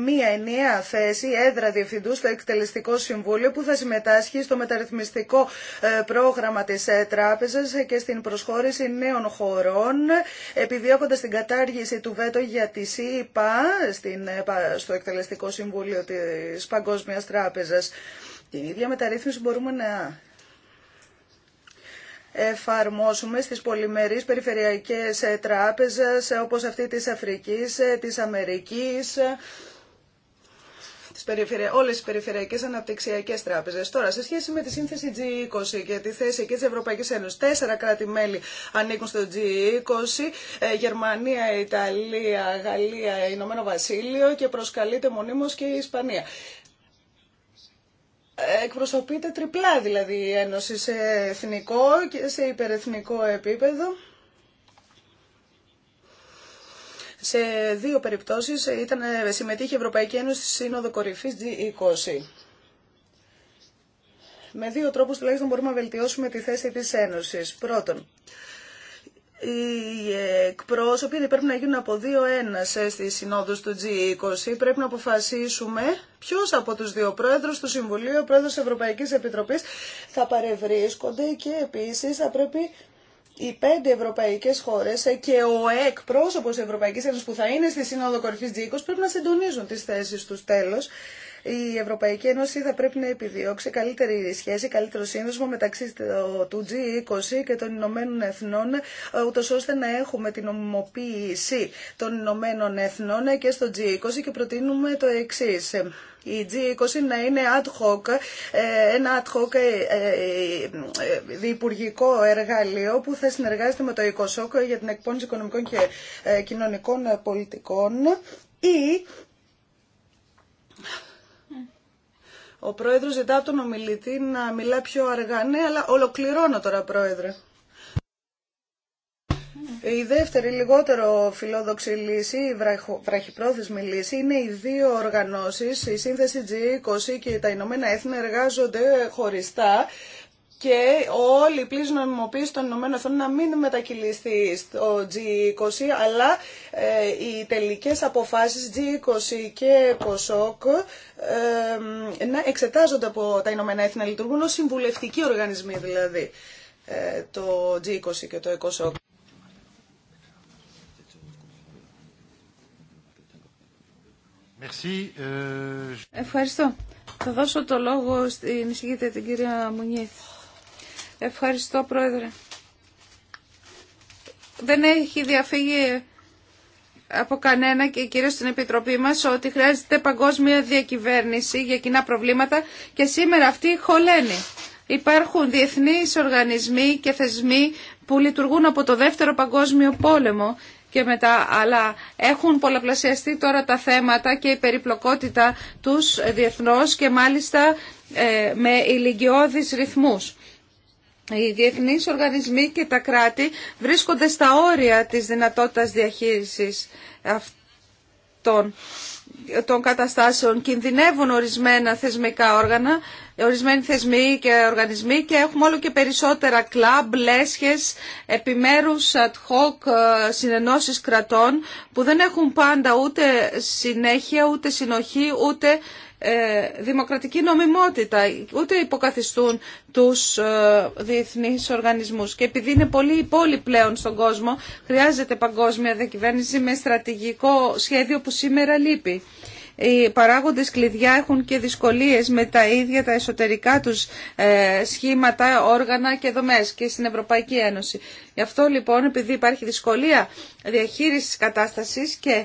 μία ενιαία θέση, έδρα διευθυντού στο εκτελεστικό συμβούλιο που θα συμμετάσχει στο μεταρρυθμιστικό ε, πρόγραμμα τη ε, τράπεζα και στην προσχώρηση νέων χωρών, επιδιώκοντα την κατάργηση του βέτο για τη ΣΥΠΑ ε, στο εκτελεστικό συμβούλιο τη Παγκόσμια Τράπεζα. Την ίδια μεταρρύθμιση μπορούμε να εφαρμόσουμε στις πολυμερείς περιφερειακές τράπεζες όπως αυτή της Αφρικής, της Αμερικής, όλες τις περιφερειακές αναπτυξιακές τράπεζες. Τώρα, σε σχέση με τη σύνθεση G20 και τη θέση εκεί της Ευρωπαϊκής Ένωσης, τέσσερα κράτη-μέλη ανήκουν στο G20, ε, Γερμανία, Ιταλία, Γαλλία, Ηνωμένο Βασίλειο και προσκαλείται μονίμως και η Ισπανία εκπροσωπείται τριπλά δηλαδή η Ένωση σε εθνικό και σε υπερεθνικό επίπεδο. Σε δύο περιπτώσεις ήταν, συμμετείχε η Ευρωπαϊκή Ένωση στη Σύνοδο Κορυφής G20. Με δύο τρόπους τουλάχιστον μπορούμε να βελτιώσουμε τη θέση της Ένωσης. Πρώτον, οι εκπρόσωποι δεν δηλαδή πρέπει να γίνουν από δύο ένας ε, στις συνόδους του G20. Πρέπει να αποφασίσουμε ποιος από τους δύο πρόεδρους του Συμβουλίου, ο πρόεδρος της Ευρωπαϊκής Επιτροπής θα παρευρίσκονται και επίσης θα πρέπει οι πέντε ευρωπαϊκές χώρες ε, και ο εκπρόσωπος της Ευρωπαϊκής Ένωσης που θα είναι στη Σύνοδο Κορυφής G20 πρέπει να συντονίζουν τι θέσει του τέλο η Ευρωπαϊκή Ένωση θα πρέπει να επιδιώξει καλύτερη σχέση, καλύτερο σύνδεσμο μεταξύ του G20 και των Ηνωμένων Εθνών, ε, ούτω ώστε να έχουμε την ομοποίηση των Ηνωμένων Εθνών και στο G20 και προτείνουμε το εξή. Η G20 να είναι ad hoc, ε, ένα ad hoc ε, διυπουργικό εργαλείο που θα συνεργάζεται με το ECOSOC για την εκπόνηση οικονομικών και κοινωνικών πολιτικών ή Ο πρόεδρο ζητά από τον ομιλητή να μιλά πιο αργά. Ναι, αλλά ολοκληρώνω τώρα, πρόεδρε. Η δεύτερη λιγότερο φιλόδοξη λύση, η βραχυπρόθεσμη λύση, είναι οι δύο οργανώσεις, η σύνθεση G20 και τα Ηνωμένα Έθνη εργάζονται χωριστά και όλη η πλήρη νομιμοποίηση των Ηνωμένων Εθνών να μην μετακυλιστεί στο G20, αλλά ε, οι τελικές αποφάσεις G20 και ΠΟΣΟΚ ε, να εξετάζονται από τα Ηνωμένα Έθνη, να λειτουργούν ως συμβουλευτικοί οργανισμοί δηλαδή, ε, το G20 και το ΕΚΟΣΟΚ.
Ε,
Ευχαριστώ. Θα δώσω το λόγο στην εισηγήτρια την κυρία Μουνιέθ. Ευχαριστώ, Πρόεδρε. Δεν έχει διαφύγει από κανένα και κυρίω στην Επιτροπή μας ότι χρειάζεται παγκόσμια διακυβέρνηση για κοινά προβλήματα και σήμερα αυτή χωλαίνει. Υπάρχουν διεθνείς οργανισμοί και θεσμοί που λειτουργούν από το Δεύτερο Παγκόσμιο Πόλεμο και μετά, αλλά έχουν πολλαπλασιαστεί τώρα τα θέματα και η περιπλοκότητα τους διεθνώς και μάλιστα ε, με ηλικιώδεις ρυθμούς οι διεθνείς οργανισμοί και τα κράτη βρίσκονται στα όρια της δυνατότητας διαχείρισης αυτών των καταστάσεων. Κινδυνεύουν ορισμένα θεσμικά όργανα, ορισμένοι θεσμοί και οργανισμοί και έχουμε όλο και περισσότερα κλαμπ, λέσχες, επιμέρους ad hoc ε, συνενώσεις κρατών που δεν έχουν πάντα ούτε συνέχεια, ούτε συνοχή, ούτε ε, δημοκρατική νομιμότητα, ούτε υποκαθιστούν τους ε, διεθνείς οργανισμούς. Και επειδή είναι πολύ πολύ πλέον στον κόσμο, χρειάζεται παγκόσμια διακυβέρνηση με στρατηγικό σχέδιο που σήμερα λείπει. Οι παράγοντες κλειδιά έχουν και δυσκολίες με τα ίδια τα εσωτερικά τους ε, σχήματα, όργανα και δομές και στην Ευρωπαϊκή Ένωση. Γι' αυτό λοιπόν επειδή υπάρχει δυσκολία διαχείρισης κατάστασης και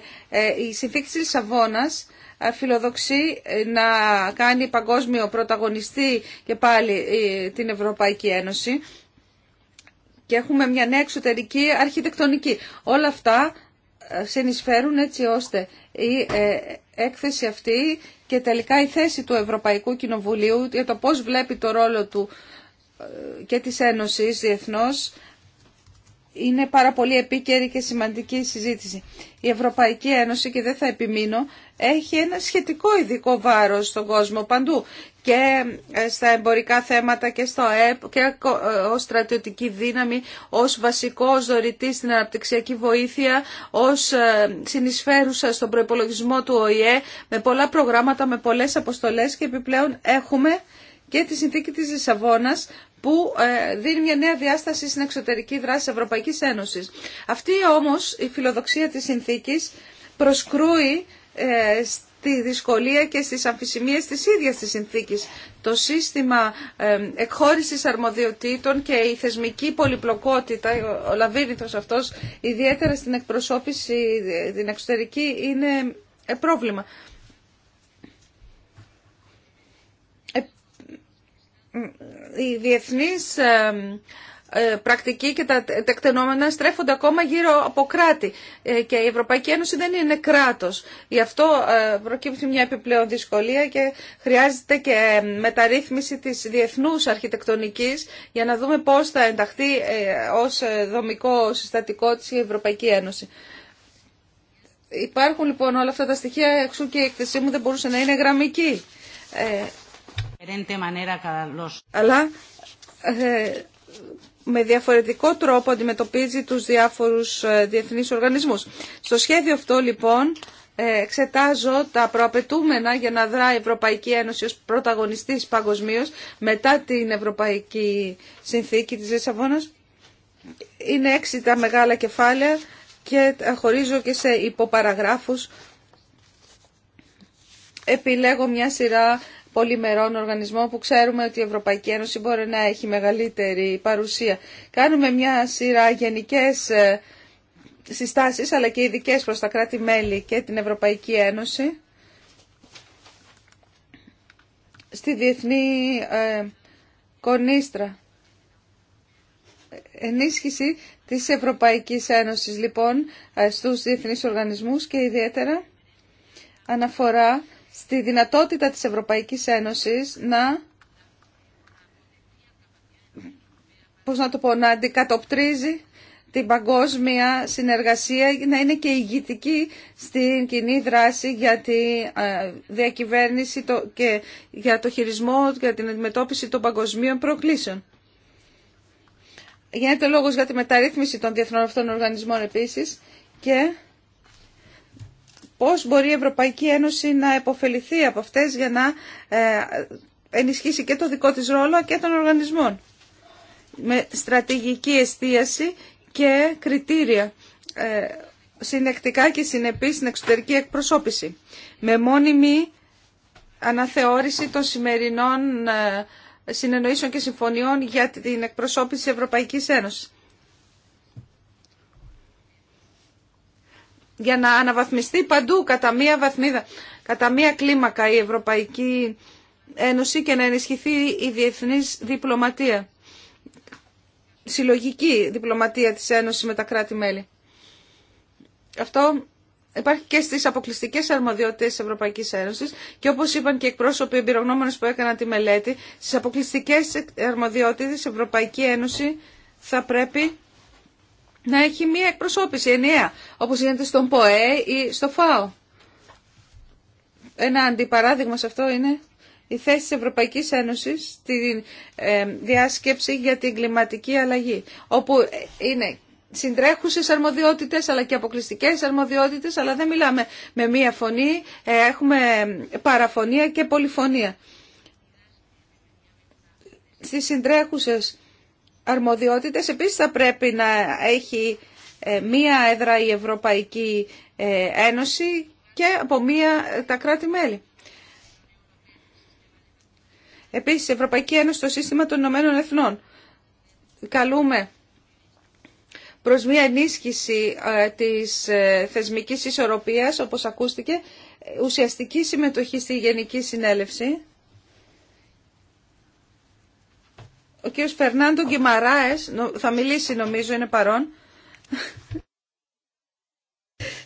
η συνθήκη της φιλοδοξεί ε, να κάνει παγκόσμιο πρωταγωνιστή και πάλι ε, την Ευρωπαϊκή Ένωση και έχουμε μια νέα εξωτερική αρχιτεκτονική. Όλα αυτά ε, συνεισφέρουν έτσι ώστε η έκθεση αυτή και τελικά η θέση του Ευρωπαϊκού Κοινοβουλίου για το πώς βλέπει το ρόλο του και της Ένωσης διεθνώς είναι πάρα πολύ επίκαιρη και σημαντική συζήτηση. Η Ευρωπαϊκή Ένωση, και δεν θα επιμείνω, έχει ένα σχετικό ειδικό βάρος στον κόσμο παντού και ε, στα εμπορικά θέματα και στο ΕΠ και ε, ως στρατιωτική δύναμη, ως βασικός δωρητής στην αναπτυξιακή βοήθεια, ως ε, συνεισφέρουσα στον προϋπολογισμό του ΟΗΕ, με πολλά προγράμματα, με πολλές αποστολές και επιπλέον έχουμε και τη συνθήκη της Λισαβόνας που ε, δίνει μια νέα διάσταση στην εξωτερική δράση της Ευρωπαϊκής Ένωσης. Αυτή όμως η φιλοδοξία της συνθήκης προσκρούει ε, στη δυσκολία και στις αμφισημίες της ίδιας της συνθήκης. Το σύστημα ε, εκχώρησης αρμοδιοτήτων και η θεσμική πολυπλοκότητα, ο λαβύρινθος αυτός, ιδιαίτερα στην εκπροσώπηση την εξωτερική, είναι πρόβλημα. η διεθνής ε, πρακτική και τα τεκτενόμενα στρέφονται ακόμα γύρω από κράτη ε, και η Ευρωπαϊκή Ένωση δεν είναι κράτος. Γι' αυτό ε, προκύπτει μια επιπλέον δυσκολία και χρειάζεται και μεταρρύθμιση της διεθνούς αρχιτεκτονικής για να δούμε πώς θα ενταχθεί ως δομικό συστατικό της η Ευρωπαϊκή Ένωση. Υπάρχουν λοιπόν όλα αυτά τα στοιχεία, έξω και η εκθεσή μου δεν μπορούσε να είναι γραμμική. Αλλά ε, με διαφορετικό τρόπο αντιμετωπίζει τους διάφορους ε, διεθνείς οργανισμούς. Στο σχέδιο αυτό λοιπόν ε, εξετάζω τα προαπαιτούμενα για να δράει η Ευρωπαϊκή Ένωση ως πρωταγωνιστής παγκοσμίω μετά την Ευρωπαϊκή Συνθήκη της Λισαβόνας. Είναι έξι τα μεγάλα κεφάλαια και χωρίζω και σε υποπαραγράφους. Επιλέγω μια σειρά πολυμερών οργανισμών που ξέρουμε ότι η Ευρωπαϊκή Ένωση μπορεί να έχει μεγαλύτερη παρουσία. Κάνουμε μια σειρά γενικές ε, συστάσεις αλλά και ειδικέ προς τα κράτη-μέλη και την Ευρωπαϊκή Ένωση στη διεθνή ε, κονίστρα. Ενίσχυση της Ευρωπαϊκής Ένωσης λοιπόν ε, στους διεθνείς οργανισμούς και ιδιαίτερα αναφορά στη δυνατότητα της Ευρωπαϊκής Ένωσης να, πώς να, το πω, να αντικατοπτρίζει την παγκόσμια συνεργασία, να είναι και ηγητική στην κοινή δράση για τη ε, διακυβέρνηση και για το χειρισμό για την αντιμετώπιση των παγκοσμίων προκλήσεων. Γίνεται λόγος για τη μεταρρύθμιση των διεθνών αυτών οργανισμών επίσης και πώς μπορεί η Ευρωπαϊκή Ένωση να επωφεληθεί από αυτές για να ε, ενισχύσει και το δικό της ρόλο και των οργανισμών με στρατηγική εστίαση και κριτήρια ε, συνεκτικά και συνεπής στην εξωτερική εκπροσώπηση με μόνιμη αναθεώρηση των σημερινών ε, συνεννοήσεων και συμφωνιών για την εκπροσώπηση Ευρωπαϊκής Ένωσης. για να αναβαθμιστεί παντού κατά μία βαθμίδα, κατά μία κλίμακα η Ευρωπαϊκή Ένωση και να ενισχυθεί η διεθνής διπλωματία, συλλογική διπλωματία της Ένωσης με τα κράτη-μέλη. Αυτό υπάρχει και στις αποκλειστικές αρμοδιότητες της Ευρωπαϊκής Ένωσης και όπως είπαν και εκπρόσωποι εμπειρογνώμονες που έκαναν τη μελέτη, στις αποκλειστικές αρμοδιότητες της Ευρωπαϊκή Ένωση θα πρέπει να έχει μία εκπροσώπηση ενιαία, όπως γίνεται στον ΠΟΕ ή στο ΦΑΟ. Ένα αντιπαράδειγμα σε αυτό είναι η θέση της Ευρωπαϊκής Ένωσης στη ε, διάσκεψη για την κλιματική αλλαγή, όπου ε, είναι συντρέχουσες αρμοδιότητες αλλά και αποκλειστικές αρμοδιότητες, αλλά δεν μιλάμε με μία φωνή, ε, έχουμε παραφωνία και πολυφωνία. Στις συντρέχουσες αρμοδιότητες επίσης θα πρέπει να έχει ε, μία έδρα η Ευρωπαϊκή ε, Ένωση και από μία ε, τα κράτη-μέλη. Επίσης, η Ευρωπαϊκή Ένωση στο σύστημα των Ηνωμένων Εθνών. Καλούμε προς μία ενίσχυση της θεσμικής ισορροπίας, όπως ακούστηκε, ουσιαστική συμμετοχή στη Γενική Συνέλευση Ο κύριος Φερνάντο Γκυμαράες θα μιλήσει νομίζω, είναι παρόν.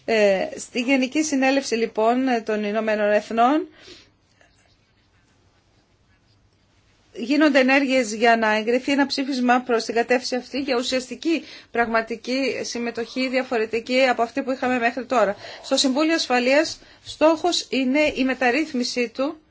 Ε, στη Γενική Συνέλευση λοιπόν των Ηνωμένων Εθνών γίνονται ενέργειες για να εγκριθεί ένα ψήφισμα προς την κατεύθυνση αυτή για ουσιαστική πραγματική συμμετοχή διαφορετική από αυτή που είχαμε μέχρι τώρα. Στο Συμβούλιο Ασφαλείας στόχος είναι η μεταρρύθμιση του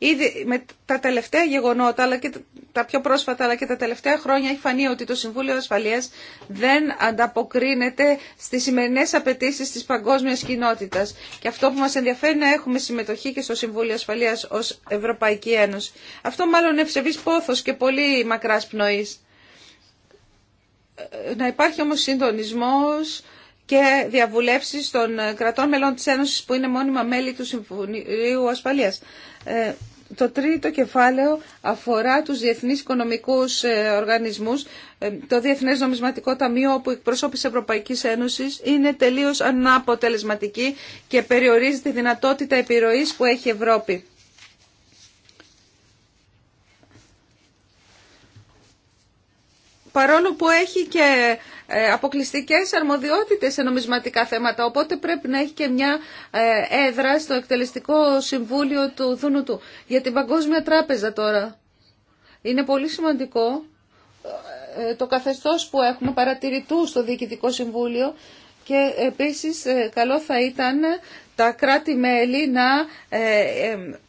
Ήδη με τα τελευταία γεγονότα, αλλά και τα πιο πρόσφατα, αλλά και τα τελευταία χρόνια έχει φανεί ότι το Συμβούλιο Ασφαλείας δεν ανταποκρίνεται στις σημερινές απαιτήσει της παγκόσμιας κοινότητας. Και αυτό που μας ενδιαφέρει να έχουμε συμμετοχή και στο Συμβούλιο Ασφαλείας ως Ευρωπαϊκή Ένωση. Αυτό μάλλον είναι ευσεβής πόθος και πολύ μακράς πνοής. Ε, να υπάρχει όμως συντονισμός και διαβουλεύσεις των κρατών μελών της Ένωσης που είναι μόνιμα μέλη του Συμβουλίου Ασφαλείας. Ε, το τρίτο κεφάλαιο αφορά τους διεθνείς οικονομικούς ε, οργανισμούς. Ε, το Διεθνές Νομισματικό Ταμείο, όπου εκπροσώπησε Ευρωπαϊκής Ένωσης είναι τελείως αναποτελεσματική και περιορίζει τη δυνατότητα επιρροής που έχει η Ευρώπη. Παρόλο που έχει και ε, αποκλειστικές αρμοδιότητες σε νομισματικά θέματα, οπότε πρέπει να έχει και μια ε, έδρα στο εκτελεστικό συμβούλιο του Δούνου του. Για την Παγκόσμια Τράπεζα τώρα. Είναι πολύ σημαντικό ε, το καθεστώς που έχουμε παρατηρητού στο Διοικητικό Συμβούλιο και επίσης καλό θα ήταν τα κράτη-μέλη να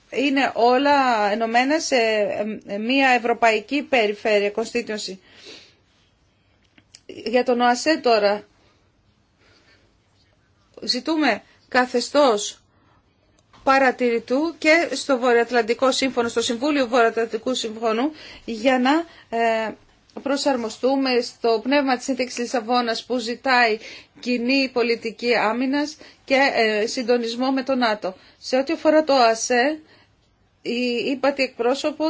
είναι όλα ενωμένα σε μια ευρωπαϊκή περιφέρεια, constituency. Για τον ΟΑΣΕ τώρα ζητούμε καθεστώς παρατηρητού και στο Βορειοατλαντικό Σύμφωνο, στο Συμβούλιο Βορειοατλαντικού Συμφωνού για να ε, προσαρμοστούμε στο πνεύμα της Σύνθεξης Λισαβόνα που ζητάει κοινή πολιτική άμυνας και ε, συντονισμό με τον ΝΑΤΟ. Σε ό,τι αφορά το ΟΑΣΕ η ύπατη εκπρόσωπο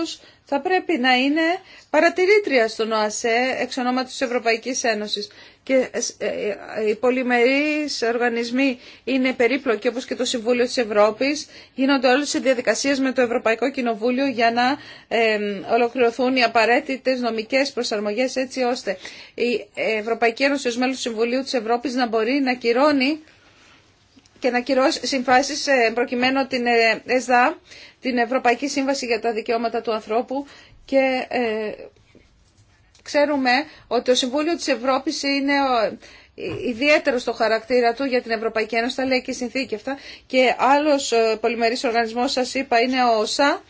θα πρέπει να είναι παρατηρήτρια στον ΟΑΣΕ εξ ονόματος της Ευρωπαϊκής Ένωσης. Και ε, ε, οι πολυμερείς οργανισμοί είναι περίπλοκοι όπως και το Συμβούλιο της Ευρώπης. Γίνονται όλες οι διαδικασίες με το Ευρωπαϊκό Κοινοβούλιο για να ολοκληρωθούν οι απαραίτητες νομικές προσαρμογές έτσι ώστε η Ευρωπαϊκή Ένωση ως μέλος του Συμβουλίου της Ευρώπης να μπορεί να κυρώνει και να κυρώσει συμφάσεις ε, προκειμένου την ΕΣΔΑ την Ευρωπαϊκή Σύμβαση για τα Δικαιώματα του Ανθρώπου και ε, ξέρουμε ότι το Συμβούλιο της Ευρώπης είναι ε, ιδιαίτερο στο χαρακτήρα του για την Ευρωπαϊκή Ένωση, τα λέει και η συνθήκη αυτά. Και άλλος ε, πολυμερής οργανισμός, σας είπα, είναι ο ΩΣΑ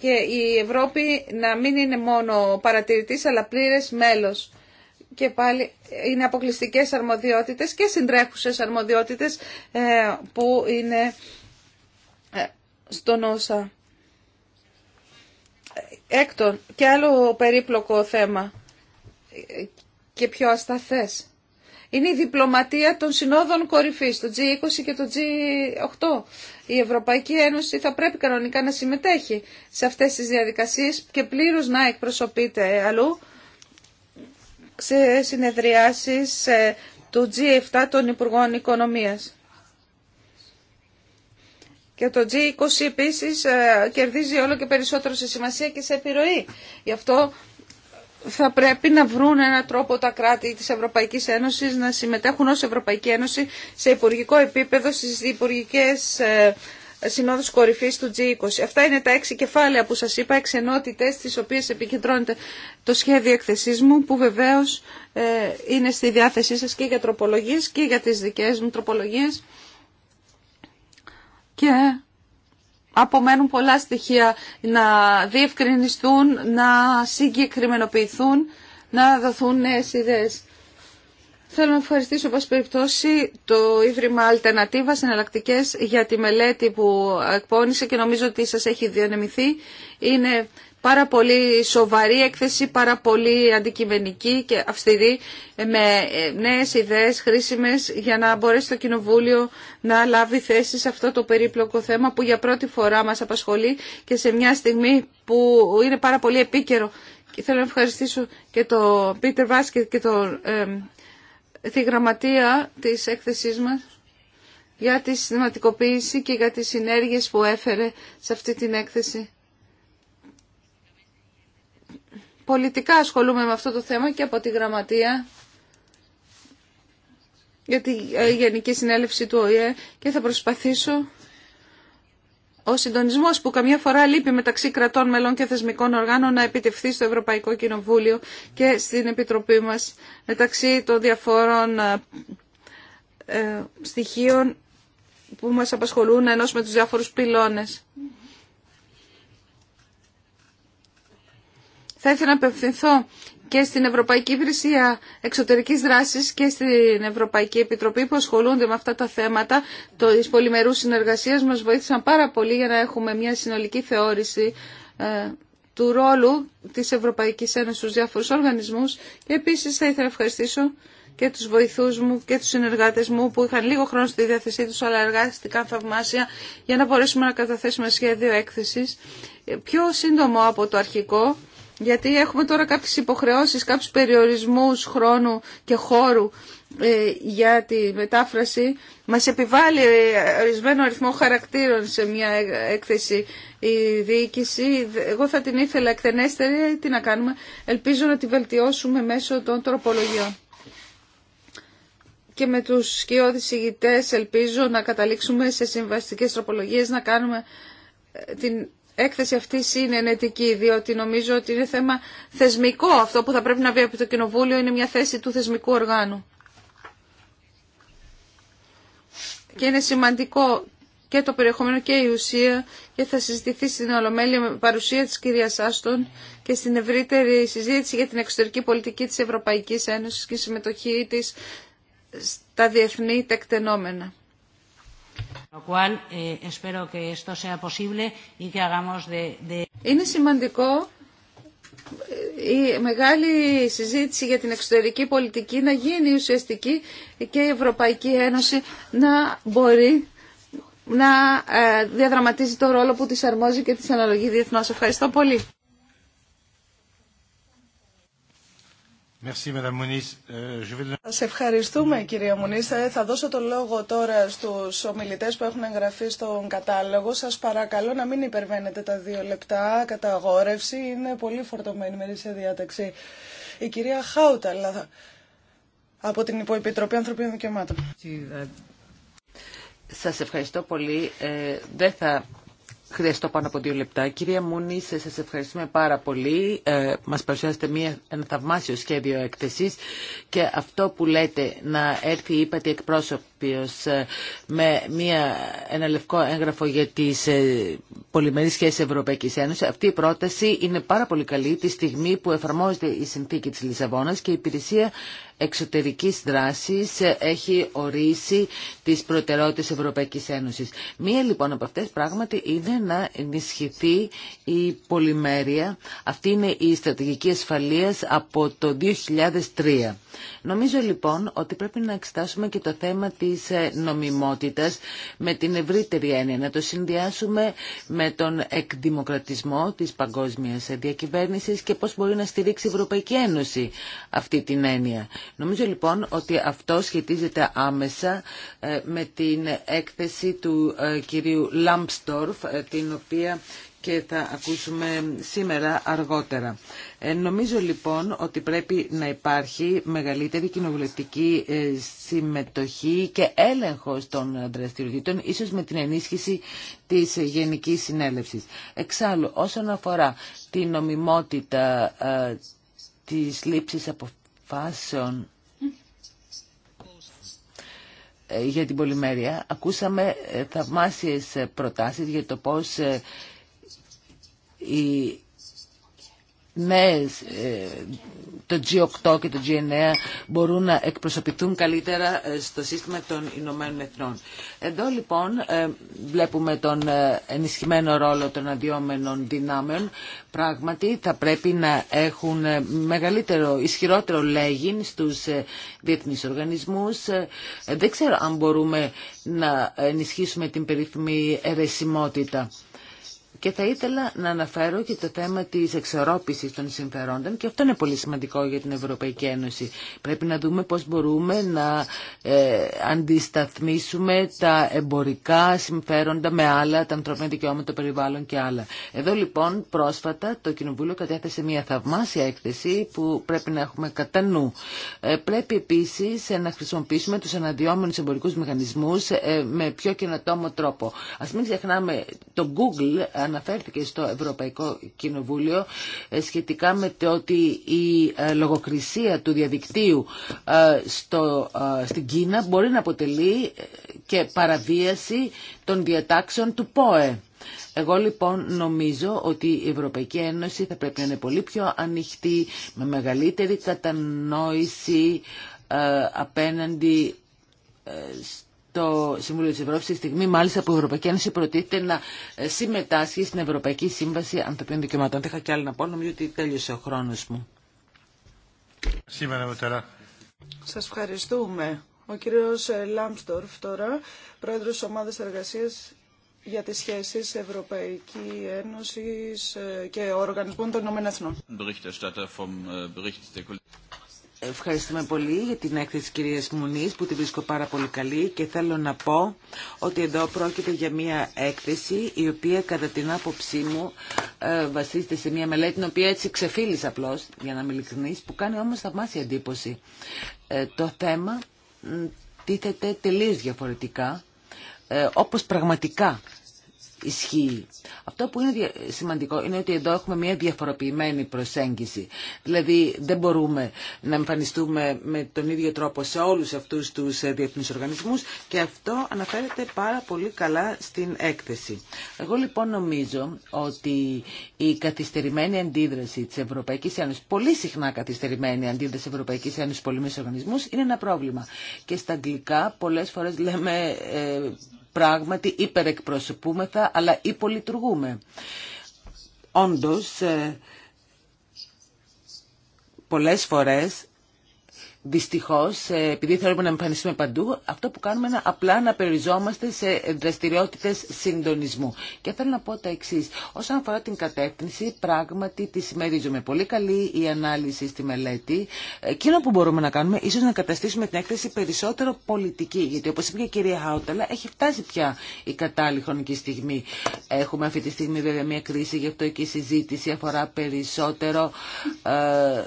και η Ευρώπη να μην είναι μόνο παρατηρητής αλλά πλήρες μέλος. Και πάλι είναι αποκλειστικές αρμοδιότητες και συντρέχουσες αρμοδιότητες που είναι στον όσα. Έκτον, και άλλο περίπλοκο θέμα και πιο ασταθές. Είναι η διπλωματία των συνόδων κορυφής, το G20 και το G8. Η Ευρωπαϊκή Ένωση θα πρέπει κανονικά να συμμετέχει σε αυτές τις διαδικασίες και πλήρως να εκπροσωπείται αλλού σε συνεδριάσεις ε, του G7 των Υπουργών Οικονομίας. Και το G20 επίσης ε, κερδίζει όλο και περισσότερο σε σημασία και σε επιρροή. Γι' αυτό θα πρέπει να βρουν έναν τρόπο τα κράτη της Ευρωπαϊκής Ένωσης να συμμετέχουν ως Ευρωπαϊκή Ένωση σε υπουργικό επίπεδο στις υπουργικές ε, συνόδους κορυφής του G20. Αυτά είναι τα έξι κεφάλαια που σας είπα, έξι ενότητες τις οποίες επικεντρώνεται το σχέδιο εκθεσής μου που βεβαίως ε, είναι στη διάθεσή σας και για τροπολογίες και για τις δικές μου τροπολογίες και απομένουν πολλά στοιχεία να διευκρινιστούν, να συγκεκριμενοποιηθούν, να δοθούν νέες ιδέες. Θέλω να ευχαριστήσω, όπως περιπτώσει, το Ίδρυμα Αλτερνατίβα εναλλακτικέ για τη μελέτη που εκπώνησε και νομίζω ότι σας έχει διανεμηθεί. Είναι πάρα πολύ σοβαρή έκθεση, πάρα πολύ αντικειμενική και αυστηρή με ε, νέες ιδέες χρήσιμες για να μπορέσει το Κοινοβούλιο να λάβει θέση σε αυτό το περίπλοκο θέμα που για πρώτη φορά μας απασχολεί και σε μια στιγμή που είναι πάρα πολύ επίκαιρο. Και θέλω να ευχαριστήσω και τον Πίτερ Βάσκετ και τον, ε, τη γραμματεία της έκθεσής μας για τη συστηματικοποίηση και για τις συνέργειες που έφερε σε αυτή την έκθεση πολιτικά ασχολούμαι με αυτό το θέμα και από τη γραμματεία για τη ε, Γενική Συνέλευση του ΟΗΕ και θα προσπαθήσω ο συντονισμό που καμιά φορά λείπει μεταξύ κρατών μελών και θεσμικών οργάνων να επιτευχθεί στο Ευρωπαϊκό Κοινοβούλιο και στην Επιτροπή μα μεταξύ των διαφόρων ε, ε, στοιχείων που μας απασχολούν ενός με τους διάφορους πυλώνες. Θα ήθελα να απευθυνθώ και στην Ευρωπαϊκή Υπηρεσία Εξωτερικής Δράσης και στην Ευρωπαϊκή Επιτροπή που ασχολούνται με αυτά τα θέματα τη πολυμερούς συνεργασία. μας βοήθησαν πάρα πολύ για να έχουμε μια συνολική θεώρηση ε, του ρόλου της Ευρωπαϊκής Ένωσης στους διάφορους οργανισμούς και επίσης θα ήθελα να ευχαριστήσω και τους βοηθούς μου και τους συνεργάτες μου που είχαν λίγο χρόνο στη διάθεσή τους αλλά εργάστηκαν θαυμάσια για να μπορέσουμε να καταθέσουμε σχέδιο έκθεσης ε, πιο σύντομο από το αρχικό γιατί έχουμε τώρα κάποιες υποχρεώσεις, κάποιους περιορισμούς χρόνου και χώρου ε, για τη μετάφραση. Μας επιβάλλει ε, ορισμένο αριθμό χαρακτήρων σε μια ε, έκθεση η διοίκηση. Εγώ θα την ήθελα εκτενέστερη, τι να κάνουμε. Ελπίζω να τη βελτιώσουμε μέσω των τροπολογιών. Και με τους σκιώδεις ηγητές ελπίζω να καταλήξουμε σε συμβαστικές τροπολογίες, να κάνουμε την έκθεση αυτή είναι ενετική, διότι νομίζω ότι είναι θέμα θεσμικό. Αυτό που θα πρέπει να βγει από το Κοινοβούλιο είναι μια θέση του θεσμικού οργάνου. Και είναι σημαντικό και το περιεχόμενο και η ουσία και θα συζητηθεί στην Ολομέλεια με παρουσία της κυρίας Άστον και στην ευρύτερη συζήτηση για την εξωτερική πολιτική της Ευρωπαϊκής Ένωσης και συμμετοχή της στα διεθνή τεκτενόμενα. Είναι σημαντικό ε, η μεγάλη συζήτηση για την εξωτερική πολιτική να γίνει ουσιαστική και η Ευρωπαϊκή Ένωση να μπορεί να ε, διαδραματίζει το ρόλο που της αρμόζει και της αναλογεί διεθνώς. Ευχαριστώ πολύ. Euh, Σα
ευχαριστούμε κυρία Μουνής. Ε, θα δώσω το λόγο τώρα στους ομιλητές που έχουν εγγραφεί στον κατάλογο. Σας παρακαλώ να μην υπερβαίνετε τα δύο λεπτά κατά αγόρευση. Είναι πολύ φορτωμένη μέρη σε διάταξη. Η κυρία Χάουτα, από την Υποεπιτροπή Ανθρωπίνων Δικαιωμάτων.
Σας ευχαριστώ πολύ. Ε, δεν θα χρειαστώ πάνω από δύο λεπτά. Κυρία Μούνη, ε, σας ευχαριστούμε πάρα πολύ. Ε, μας παρουσιάσετε μια, ένα θαυμάσιο σχέδιο έκθεση και αυτό που λέτε να έρθει, είπατε, εκπρόσωπο οποίος ε, με μια, ένα λευκό έγγραφο για τις ε, πολυμερείς σχέσεις Ευρωπαϊκής Ένωσης. Αυτή η πρόταση είναι πάρα πολύ καλή τη στιγμή που εφαρμόζεται η συνθήκη της Λισαβόνας και η υπηρεσία εξωτερικής δράσης ε, έχει ορίσει τις προτεραιότητες Ευρωπαϊκής Ένωσης. Μία λοιπόν από αυτές πράγματι είναι να ενισχυθεί η πολυμέρεια. Αυτή είναι η στρατηγική ασφαλείας από το 2003. Νομίζω λοιπόν ότι πρέπει να εξετάσουμε και το θέμα της της ε, νομιμότητας με την ευρύτερη έννοια, να το συνδυάσουμε με τον εκδημοκρατισμό της παγκόσμιας διακυβέρνησης και πώς μπορεί να στηρίξει η Ευρωπαϊκή Ένωση αυτή την έννοια. Νομίζω λοιπόν ότι αυτό σχετίζεται άμεσα ε, με την έκθεση του ε, κυρίου Λάμπστορφ, την οποία και θα ακούσουμε σήμερα αργότερα. Ε, νομίζω λοιπόν ότι πρέπει να υπάρχει μεγαλύτερη κοινοβουλευτική ε, συμμετοχή και έλεγχος των δραστηριοτήτων, ίσως με την ενίσχυση της Γενικής Συνέλευσης. Εξάλλου, όσον αφορά την νομιμότητα ε, της λήψης αποφάσεων ε, για την πολυμέρεια, ακούσαμε θαυμάσιες προτάσεις για το πώς οι νέε, ε, το G8 και το G9 μπορούν να εκπροσωπηθούν καλύτερα ε, στο σύστημα των Ηνωμένων Εθνών. Εδώ λοιπόν ε, βλέπουμε τον ενισχυμένο ρόλο των αδειόμενων δυνάμεων. Πράγματι θα πρέπει να έχουν μεγαλύτερο, ισχυρότερο λέγιν στους διεθνείς οργανισμούς. Δεν ξέρω αν μπορούμε να ενισχύσουμε την περίφημη ερεσιμότητα και θα ήθελα να αναφέρω και το θέμα της εξορρόπησης των συμφερόντων και αυτό είναι πολύ σημαντικό για την Ευρωπαϊκή Ένωση. Πρέπει να δούμε πώς μπορούμε να ε, αντισταθμίσουμε τα εμπορικά συμφέροντα με άλλα, τα ανθρώπινα δικαιώματα, το περιβάλλον και άλλα. Εδώ λοιπόν πρόσφατα το Κοινοβούλιο κατέθεσε μια θαυμάσια έκθεση που πρέπει να έχουμε κατά νου. Ε, πρέπει επίσης να χρησιμοποιήσουμε τους αναδυόμενους εμπορικούς μηχανισμούς ε, με πιο καινοτόμο τρόπο. Ας μην ξεχνάμε το Google αναφέρθηκε στο Ευρωπαϊκό Κοινοβούλιο ε, σχετικά με το ότι η ε, λογοκρισία του διαδικτύου ε, στο, στην Κίνα μπορεί να αποτελεί και παραβίαση των διατάξεων του ΠΟΕ. Εγώ λοιπόν νομίζω ότι η Ευρωπαϊκή Ένωση θα πρέπει να είναι πολύ πιο ανοιχτή, με μεγαλύτερη κατανόηση απέναντι το Συμβούλιο τη Ευρώπη, τη στιγμή μάλιστα που η Ευρωπαϊκή Ένωση προτείνεται να ε, συμμετάσχει στην Ευρωπαϊκή Σύμβαση Ανθρωπίνων Δικαιωμάτων. Δεν είχα και άλλη να πω, νομίζω ότι τέλειωσε ο χρόνος μου. Σήμερα
Σας ευχαριστούμε. Ο κύριος ε, Λάμπστορφ τώρα, πρόεδρος ομάδας εργασίας για τις σχέσεις Ευρωπαϊκή Ένωση ε, και Οργανισμών των Ηνωμένων Εθνών.
Ευχαριστούμε πολύ για την έκθεση της κυρίας Μουνής που τη βρίσκω πάρα πολύ καλή και θέλω να πω ότι εδώ πρόκειται για μια έκθεση η οποία κατά την άποψή μου ε, βασίζεται σε μια μελέτη την οποία έτσι ξεφύλλεις απλώς για να μιλικρινείς που κάνει όμως θαυμάσια εντύπωση. Ε, το θέμα τίθεται τελείως διαφορετικά ε, όπως πραγματικά ισχύει. Αυτό που είναι σημαντικό είναι ότι εδώ έχουμε μια διαφοροποιημένη προσέγγιση. Δηλαδή δεν μπορούμε να εμφανιστούμε με τον ίδιο τρόπο σε όλους αυτούς τους ε, διεθνείς οργανισμούς και αυτό αναφέρεται πάρα πολύ καλά στην έκθεση. Εγώ λοιπόν νομίζω ότι η καθυστερημένη αντίδραση της Ευρωπαϊκής Ένωσης, πολύ συχνά καθυστερημένη αντίδραση της Ευρωπαϊκής Ένωσης στους οργανισμούς είναι ένα πρόβλημα. Και στα αγγλικά πολλές φορές λέμε ε, πράγματι υπερεκπροσωπούμεθα αλλά υπολειτουργούμε. Όντως, ε, πολλές φορές Δυστυχώ, ε, επειδή θέλουμε να εμφανιστούμε παντού, αυτό που κάνουμε είναι απλά να περιζόμαστε σε δραστηριότητε συντονισμού. Και θέλω να πω τα εξή. Όσον αφορά την κατεύθυνση, πράγματι τη συμμερίζουμε. Πολύ καλή η ανάλυση στη μελέτη. Ε, εκείνο που μπορούμε να κάνουμε, ίσω να καταστήσουμε την έκθεση περισσότερο πολιτική. Γιατί όπω είπε και η κυρία Χάουταλα, έχει φτάσει πια η κατάλληλη χρονική στιγμή. Έχουμε αυτή τη στιγμή βέβαια μια κρίση, γι' αυτό και η συζήτηση αφορά περισσότερο ε,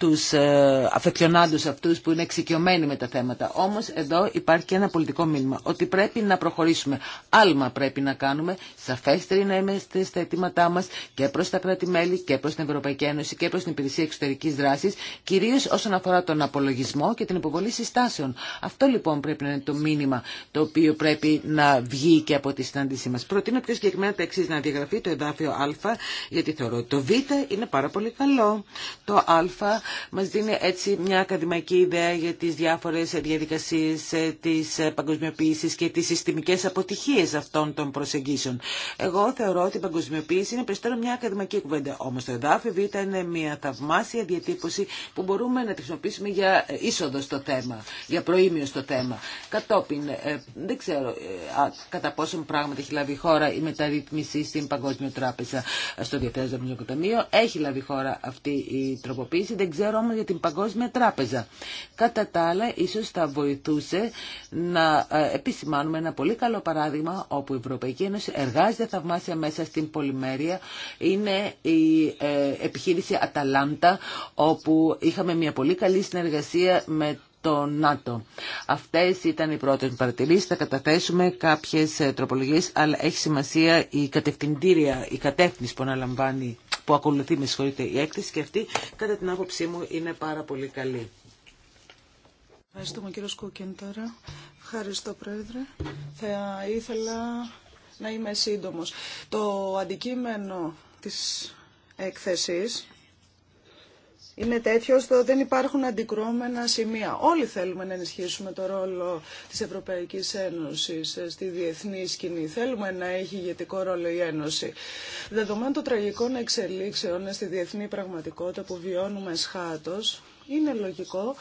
τους ε, αφεκιονάντους αυτούς που είναι εξοικειωμένοι με τα θέματα. Όμως εδώ υπάρχει και ένα πολιτικό μήνυμα ότι πρέπει να προχωρήσουμε. Άλμα πρέπει να κάνουμε, σαφέστεροι να είμαστε στα αιτήματά μας και προς τα κράτη-μέλη και προς την Ευρωπαϊκή Ένωση και προς την Υπηρεσία Εξωτερικής Δράσης, κυρίως όσον αφορά τον απολογισμό και την υποβολή συστάσεων. Αυτό λοιπόν πρέπει να είναι το μήνυμα το οποίο πρέπει να βγει και από τη συνάντησή μας. Προτείνω πιο συγκεκριμένα τα εξή να διαγραφεί το εδάφιο Α, γιατί θεωρώ ότι το Β είναι πάρα πολύ καλό. Το Α μας δίνει έτσι μια ακαδημαϊκή ιδέα για τις διάφορες διαδικασίες ε, της ε, παγκοσμιοποίησης και τις συστημικές αποτυχίες αυτών των προσεγγίσεων. Εγώ θεωρώ ότι η παγκοσμιοποίηση είναι περισσότερο μια ακαδημαϊκή κουβέντα. Όμως το εδάφη ήταν μια θαυμάσια διατύπωση που μπορούμε να τη χρησιμοποιήσουμε για ε, είσοδο στο θέμα, για προήμιο στο θέμα. Κατόπιν, δεν ξέρω κατά πόσο πράγματι έχει λάβει η χώρα η μεταρρύθμιση στην Παγκόσμια Τράπεζα στο Διεθνές Δομινικό Έχει λάβει χώρα αυτή η τροποποίηση ξέρω όμως για την Παγκόσμια Τράπεζα. Κατά τα άλλα, ίσως θα βοηθούσε να ε, επισημάνουμε ένα πολύ καλό παράδειγμα όπου η Ευρωπαϊκή Ένωση εργάζεται θαυμάσια μέσα στην πολυμέρεια. Είναι η ε, επιχείρηση Αταλάντα όπου είχαμε μια πολύ καλή συνεργασία με το ΝΑΤΟ. Αυτές ήταν οι πρώτες παρατηρήσεις. Θα καταθέσουμε κάποιες ε, τροπολογίες, αλλά έχει σημασία η κατευθυντήρια, η κατεύθυνση που αναλαμβάνει που ακολουθεί, με συγχωρείτε, η έκθεση και αυτή κατά την άποψή μου είναι πάρα πολύ καλή.
Ευχαριστούμε κύριο Σκούκεν τώρα. Ευχαριστώ πρόεδρε. Θα ήθελα να είμαι σύντομος. Το αντικείμενο της έκθεσης είναι τέτοιο ώστε δεν υπάρχουν αντικρούμενα σημεία. Όλοι θέλουμε να ενισχύσουμε το ρόλο της Ευρωπαϊκής Ένωση στη διεθνή σκηνή. Θέλουμε να έχει ηγετικό ρόλο η Ένωση. Δεδομένου των τραγικών εξελίξεων στη διεθνή πραγματικότητα που βιώνουμε σχάτω, είναι λογικό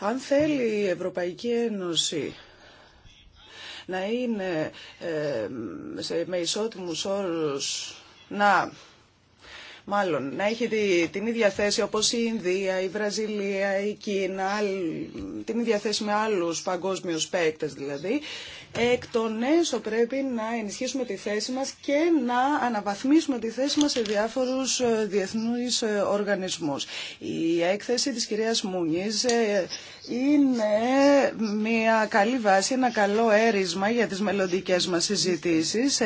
αν θέλει η Ευρωπαϊκή Ένωση να είναι ε, σε, με ισότιμους όρους να μάλλον να έχει την ίδια θέση όπως η Ινδία, η Βραζιλία, η Κίνα, την ίδια θέση με άλλους παγκόσμιους παίκτες δηλαδή εκ των έσω πρέπει να ενισχύσουμε τη θέση μας και να αναβαθμίσουμε τη θέση μας σε διάφορους ε, διεθνούς ε, οργανισμούς. Η έκθεση της κυρίας Μούνης ε, είναι μια καλή βάση, ένα καλό έρισμα για τις μελλοντικέ μας συζητήσεις.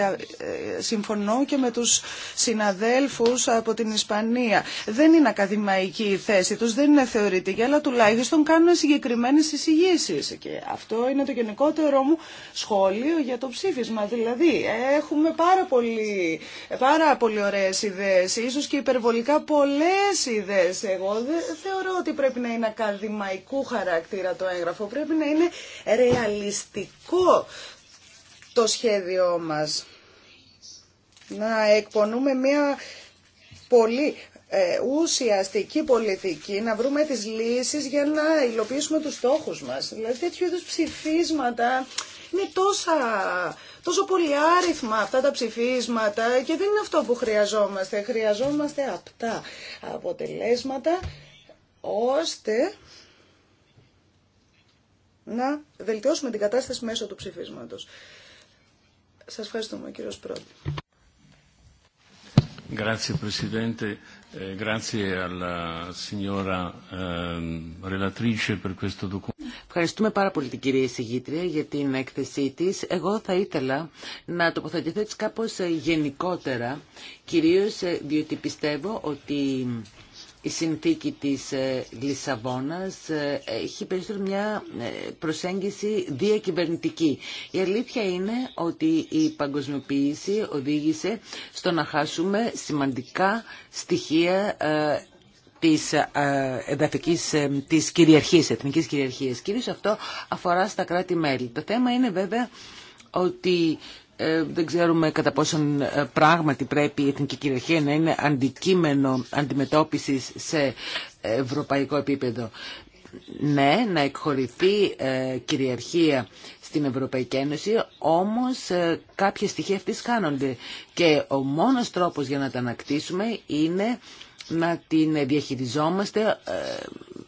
Συμφωνώ και με τους συναδέλφους από την Ισπανία. Δεν είναι ακαδημαϊκή η θέση τους, δεν είναι θεωρητική, αλλά τουλάχιστον κάνουν συγκεκριμένες εισηγήσεις. Και αυτό είναι το γενικότερο μου σχόλιο για το ψήφισμα. Δηλαδή, έχουμε πάρα, πολύ, πάρα πολύ ωραίες ιδέες, ίσως και υπερβολικά πολλές ιδέες. Εγώ θεωρώ ότι πρέπει να είναι ακαδημαϊκού χαρακτήρα το έγγραφο, πρέπει να είναι ρεαλιστικό το σχέδιό μας. Να εκπονούμε μια πολύ ε, ουσιαστική πολιτική, να βρούμε τις λύσεις για να υλοποιήσουμε τους στόχους μας. Δηλαδή τέτοιου είδους ψηφίσματα είναι τόσα, τόσο πολύ άριθμα αυτά τα ψηφίσματα και δεν είναι αυτό που χρειαζόμαστε. Χρειαζόμαστε απτά αποτελέσματα ώστε να βελτιώσουμε την κατάσταση μέσω του ψηφίσματος. Σας ευχαριστούμε, κύριος
Presidente. Eh, ehm,
Ευχαριστούμε πάρα πολύ την κυρία Συγήτρια για την έκθεσή της. Εγώ θα ήθελα να τοποθετηθώ έτσι κάπως ε, γενικότερα, κυρίως ε, διότι πιστεύω ότι η συνθήκη της ε, Λισαβόνας ε, έχει περισσότερο μια ε, προσέγγιση διακυβερνητική. Η αλήθεια είναι ότι η παγκοσμιοποίηση οδήγησε στο να χάσουμε σημαντικά στοιχεία της εδαφικής της κυριαρχίας, εθνικής κυριαρχίας. Κυρίως αυτό αφορά στα κράτη-μέλη. Το θέμα είναι βέβαια ότι ε, δεν ξέρουμε κατά πόσον ε, πράγματι πρέπει η εθνική κυριαρχία να είναι αντικείμενο αντιμετώπισης σε ευρωπαϊκό επίπεδο. Ναι, να εκχωρηθεί ε, κυριαρχία στην Ευρωπαϊκή Ένωση, όμως κάποια στοιχεία αυτής χάνονται και ο μόνος τρόπος για να τα ανακτήσουμε είναι να την διαχειριζόμαστε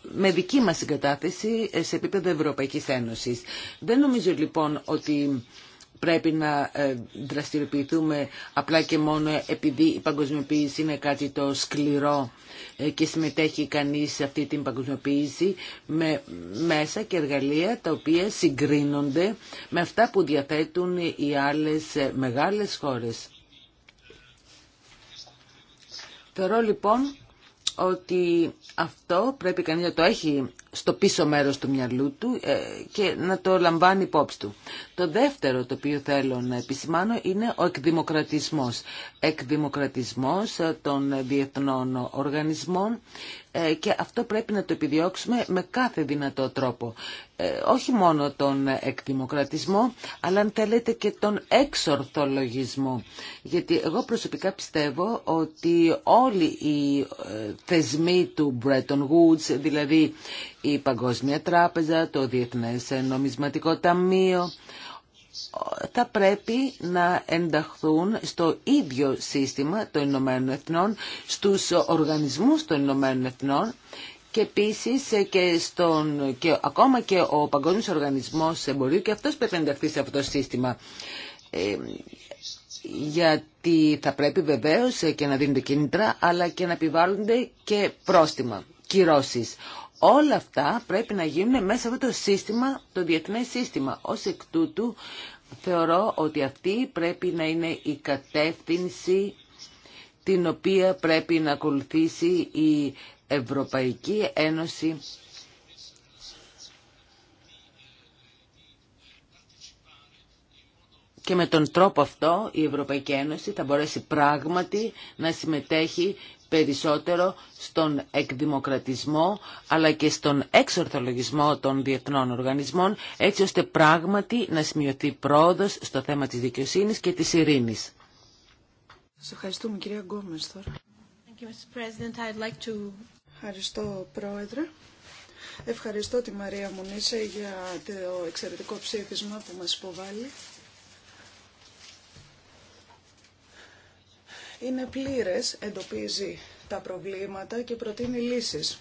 με δική μας συγκατάθεση σε επίπεδο Ευρωπαϊκής Ένωσης. Δεν νομίζω λοιπόν ότι πρέπει να ε, δραστηριοποιηθούμε απλά και μόνο επειδή η παγκοσμιοποίηση είναι κάτι το σκληρό ε, και συμμετέχει κανείς σε αυτή την παγκοσμιοποίηση με μέσα και εργαλεία τα οποία συγκρίνονται με αυτά που διαθέτουν οι άλλες ε, μεγάλες χώρες. Θεωρώ λοιπόν ότι αυτό πρέπει κανείς να το έχει στο πίσω μέρος του μυαλού του ε, και να το λαμβάνει υπόψη του. Το δεύτερο το οποίο θέλω να επισημάνω είναι ο εκδημοκρατισμός. Εκδημοκρατισμός ε, των διεθνών οργανισμών ε, και αυτό πρέπει να το επιδιώξουμε με κάθε δυνατό τρόπο. Ε, όχι μόνο τον εκδημοκρατισμό, αλλά αν θέλετε και τον εξορθολογισμό. Γιατί εγώ προσωπικά πιστεύω ότι όλοι οι ε, θεσμοί του Bretton Woods, δηλαδή η Παγκόσμια Τράπεζα, το Διεθνές Νομισματικό Ταμείο, θα πρέπει να ενταχθούν στο ίδιο σύστημα των Ηνωμένων Εθνών, στους οργανισμούς των Ηνωμένων Εθνών και επίσης και, στον, και ακόμα και ο Παγκόσμιος Οργανισμός Εμπορίου και αυτός πρέπει να ενταχθεί σε αυτό το σύστημα. Ε, γιατί θα πρέπει βεβαίως και να δίνονται κίνητρα αλλά και να επιβάλλονται και πρόστιμα, κυρώσεις. Όλα αυτά πρέπει να γίνουν μέσα από το σύστημα, το διεθνές σύστημα. Ως εκ τούτου θεωρώ ότι αυτή πρέπει να είναι η κατεύθυνση την οποία πρέπει να ακολουθήσει η Ευρωπαϊκή Ένωση και με τον τρόπο αυτό η Ευρωπαϊκή Ένωση θα μπορέσει πράγματι να συμμετέχει περισσότερο στον εκδημοκρατισμό αλλά και στον εξορθολογισμό των διεθνών οργανισμών έτσι ώστε πράγματι να σημειωθεί πρόοδος στο θέμα της δικαιοσύνης και της ειρήνης.
Σας ευχαριστούμε κυρία Γκόμες τώρα.
Ευχαριστώ πρόεδρε. Ευχαριστώ τη Μαρία Μουνίσε για το εξαιρετικό ψήφισμα που μας υποβάλλει. είναι πλήρες, εντοπίζει τα προβλήματα και προτείνει λύσεις.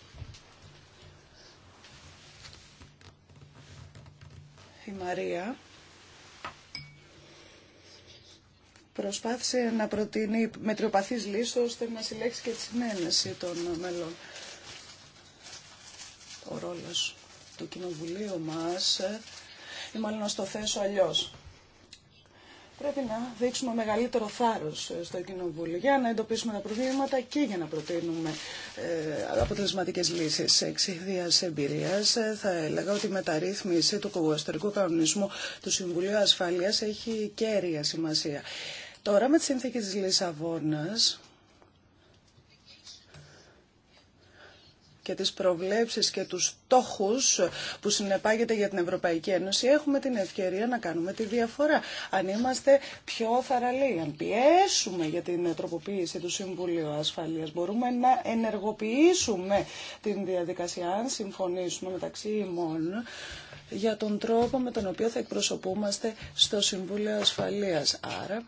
Η Μαρία προσπάθησε να προτείνει μετριοπαθείς λύσεις ώστε να συλλέξει και τη συνένεση των μελών. Ο ρόλος του Κοινοβουλίου μας, ε, ή μάλλον να θέσω αλλιώς. Πρέπει να δείξουμε μεγαλύτερο θάρρος ε, στο Κοινοβούλιο για να εντοπίσουμε τα προβλήματα και για να προτείνουμε αποτελεσματικέ αποτελεσματικές λύσεις εξηδίας εμπειρίας. Ε, θα έλεγα ότι η μεταρρύθμιση του κογουαστορικού κανονισμού του Συμβουλίου Ασφαλείας έχει κέρια σημασία. Τώρα με τη συνθήκη της Λισαβόνας και τις προβλέψεις και τους στόχους που συνεπάγεται για την Ευρωπαϊκή Ένωση, έχουμε την ευκαιρία να κάνουμε τη διαφορά. Αν είμαστε πιο θαραλοί, αν πιέσουμε για την τροποποίηση του Συμβουλίου Ασφαλείας, μπορούμε να ενεργοποιήσουμε την διαδικασία, αν συμφωνήσουμε μεταξύ ημών, για τον τρόπο με τον οποίο θα εκπροσωπούμαστε στο Συμβούλιο Ασφαλείας. Άρα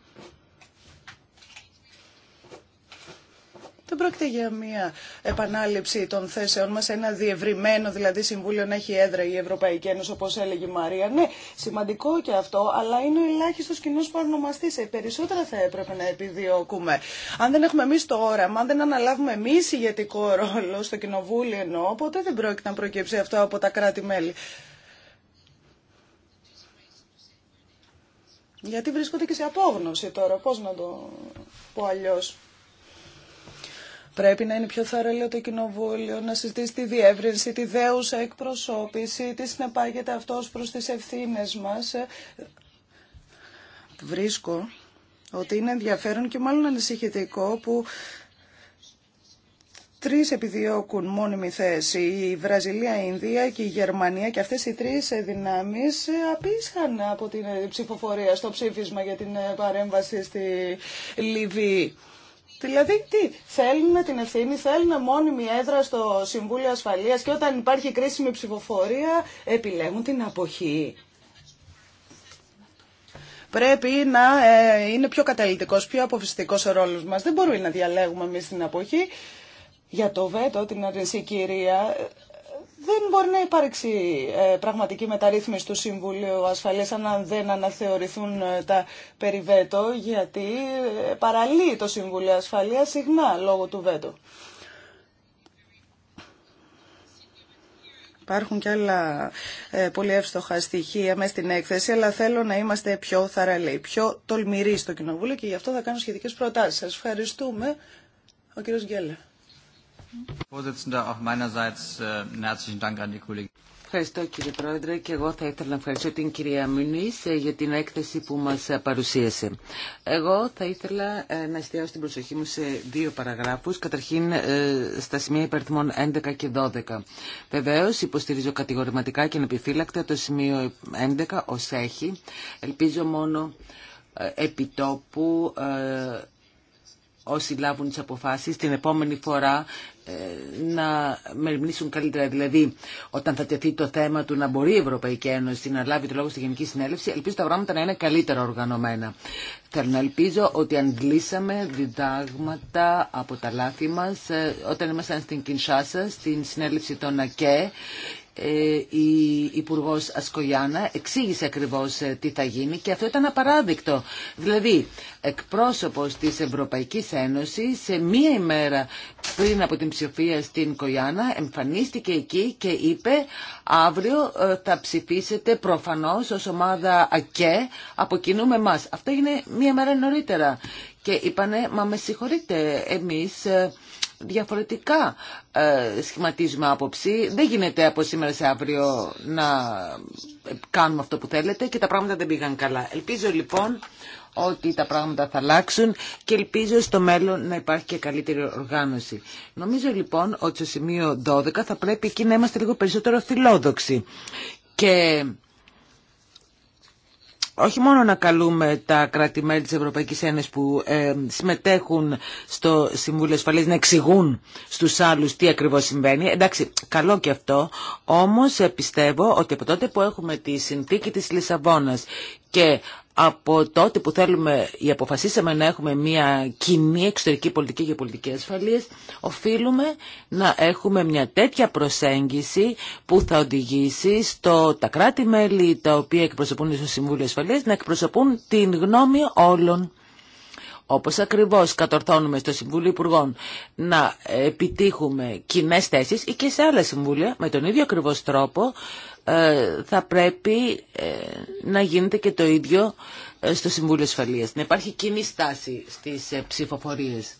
Δεν πρόκειται για μια επανάληψη των θέσεων μα ένα διευρυμένο δηλαδή συμβούλιο να έχει έδρα η Ευρωπαϊκή Ένωση, όπω έλεγε η Μαρία. Ναι, σημαντικό και αυτό, αλλά είναι ο ελάχιστος κοινό παρονομαστής. Ε, περισσότερα θα έπρεπε να επιδιώκουμε. Αν δεν έχουμε εμεί το όραμα, αν δεν αναλάβουμε εμεί ηγετικό ρόλο στο Κοινοβούλιο εννοώ, ποτέ δεν πρόκειται να προκύψει αυτό από τα κράτη-μέλη. Γιατί βρίσκονται και σε απόγνωση τώρα, πώς να το πω αλλιώς. Πρέπει να είναι πιο θαραλέο το κοινοβούλιο, να συζητήσει τη διεύρυνση, τη δέουσα εκπροσώπηση, τι συνεπάγεται αυτός προ τις ευθύνε μας. Βρίσκω ότι είναι ενδιαφέρον και μάλλον ανησυχητικό που τρεις επιδιώκουν μόνιμη θέση, η Βραζιλία, η Ινδία και η Γερμανία και αυτές οι τρεις δυνάμεις απίσχαν από την ψηφοφορία στο ψήφισμα για την παρέμβαση στη Λιβύη. Δηλαδή τι, θέλουν την ευθύνη, θέλουν μόνιμη έδρα στο Συμβούλιο ασφαλεία και όταν υπάρχει κρίσιμη ψηφοφορία επιλέγουν την αποχή. Πρέπει να ε, είναι πιο καταλητικό, πιο αποφυστικό ο ρόλο μας. Δεν μπορούμε να διαλέγουμε εμεί την αποχή. Για το ΒΕΤΟ, την αρνησή κυρία, δεν μπορεί να υπάρξει ε, πραγματική μεταρρύθμιση του Συμβουλίου Ασφαλείας αν δεν αναθεωρηθούν ε, τα περιβέτο, γιατί ε, παραλύει το Συμβουλίο Ασφαλείας συχνά λόγω του βέτο. Υπάρχουν και άλλα πολύ εύστοχα στοιχεία μέσα στην έκθεση, αλλά θέλω να είμαστε πιο θαραλέοι, πιο τολμηροί στο Κοινοβούλιο και γι' αυτό θα κάνω σχετικές προτάσεις. Σας ευχαριστούμε. Ο κύριος Γκέλε.
Äh,
ευχαριστώ κύριε Πρόεδρε και εγώ θα ήθελα να ευχαριστώ την κυρία Μινής ε, για την έκθεση που μας ε, παρουσίασε. Εγώ θα ήθελα ε, να εστιάσω την προσοχή μου σε δύο παραγράφους, καταρχήν στα σημεία υπερθυμών 11 και 12. Βεβαίως υποστηρίζω κατηγορηματικά και ανεπιφύλακτα το σημείο 11 ως έχει. Ελπίζω μόνο επιτόπου όσοι λάβουν τις αποφάσεις την επόμενη φορά ε, να μεριμνήσουν καλύτερα. Δηλαδή, όταν θα τεθεί το θέμα του να μπορεί η Ευρωπαϊκή Ένωση να λάβει το λόγο στη Γενική Συνέλευση, ελπίζω τα πράγματα να είναι καλύτερα οργανωμένα. Θέλω να ελπίζω ότι αντλήσαμε διδάγματα από τα λάθη μας ε, όταν ήμασταν στην Κινσάσα, στην συνέλευση των ΑΚΕ ε, η Υπουργό Ασκογιάννα εξήγησε ακριβώς ε, τι θα γίνει και αυτό ήταν απαράδεικτο. Δηλαδή, εκπρόσωπος της Ευρωπαϊκής Ένωσης σε μία ημέρα πριν από την ψηφία στην Κογιάννα εμφανίστηκε εκεί και είπε αύριο ε, θα ψηφίσετε προφανώς ως ομάδα ΑΚΕ από κοινού με εμάς. Αυτό έγινε μία μέρα νωρίτερα και είπανε μα με συγχωρείτε εμείς διαφορετικά ε, σχηματίζουμε άποψη. Δεν γίνεται από σήμερα σε αύριο να κάνουμε αυτό που θέλετε και τα πράγματα δεν πήγαν καλά. Ελπίζω λοιπόν ότι τα πράγματα θα αλλάξουν και ελπίζω στο μέλλον να υπάρχει και καλύτερη οργάνωση. Νομίζω λοιπόν ότι στο σημείο 12 θα πρέπει εκεί να είμαστε λίγο περισσότερο φιλόδοξοι. Και όχι μόνο να καλούμε τα κράτη-μέλη της Ευρωπαϊκής Ένωσης που ε, συμμετέχουν στο Συμβούλιο Ασφαλείας να εξηγούν στους άλλους τι ακριβώς συμβαίνει. Εντάξει, καλό και αυτό, όμως ε, πιστεύω ότι από τότε που έχουμε τη συνθήκη της Λισαβόνας και από τότε που θέλουμε ή αποφασίσαμε να έχουμε μια κοινή εξωτερική πολιτική και πολιτική ασφαλείας, οφείλουμε να έχουμε μια τέτοια προσέγγιση που θα οδηγήσει στο τα κράτη-μέλη τα οποία εκπροσωπούν στο Συμβούλιο Ασφαλείας να εκπροσωπούν την γνώμη όλων. Όπως ακριβώς κατορθώνουμε στο Συμβούλιο Υπουργών να επιτύχουμε κοινέ θέσει ή και σε άλλα συμβούλια με τον ίδιο ακριβώς τρόπο ε, θα πρέπει ε, να γίνεται και το ίδιο ε, στο Συμβούλιο Ασφαλείας. Να υπάρχει κοινή στάση στις ψηφοφορίες.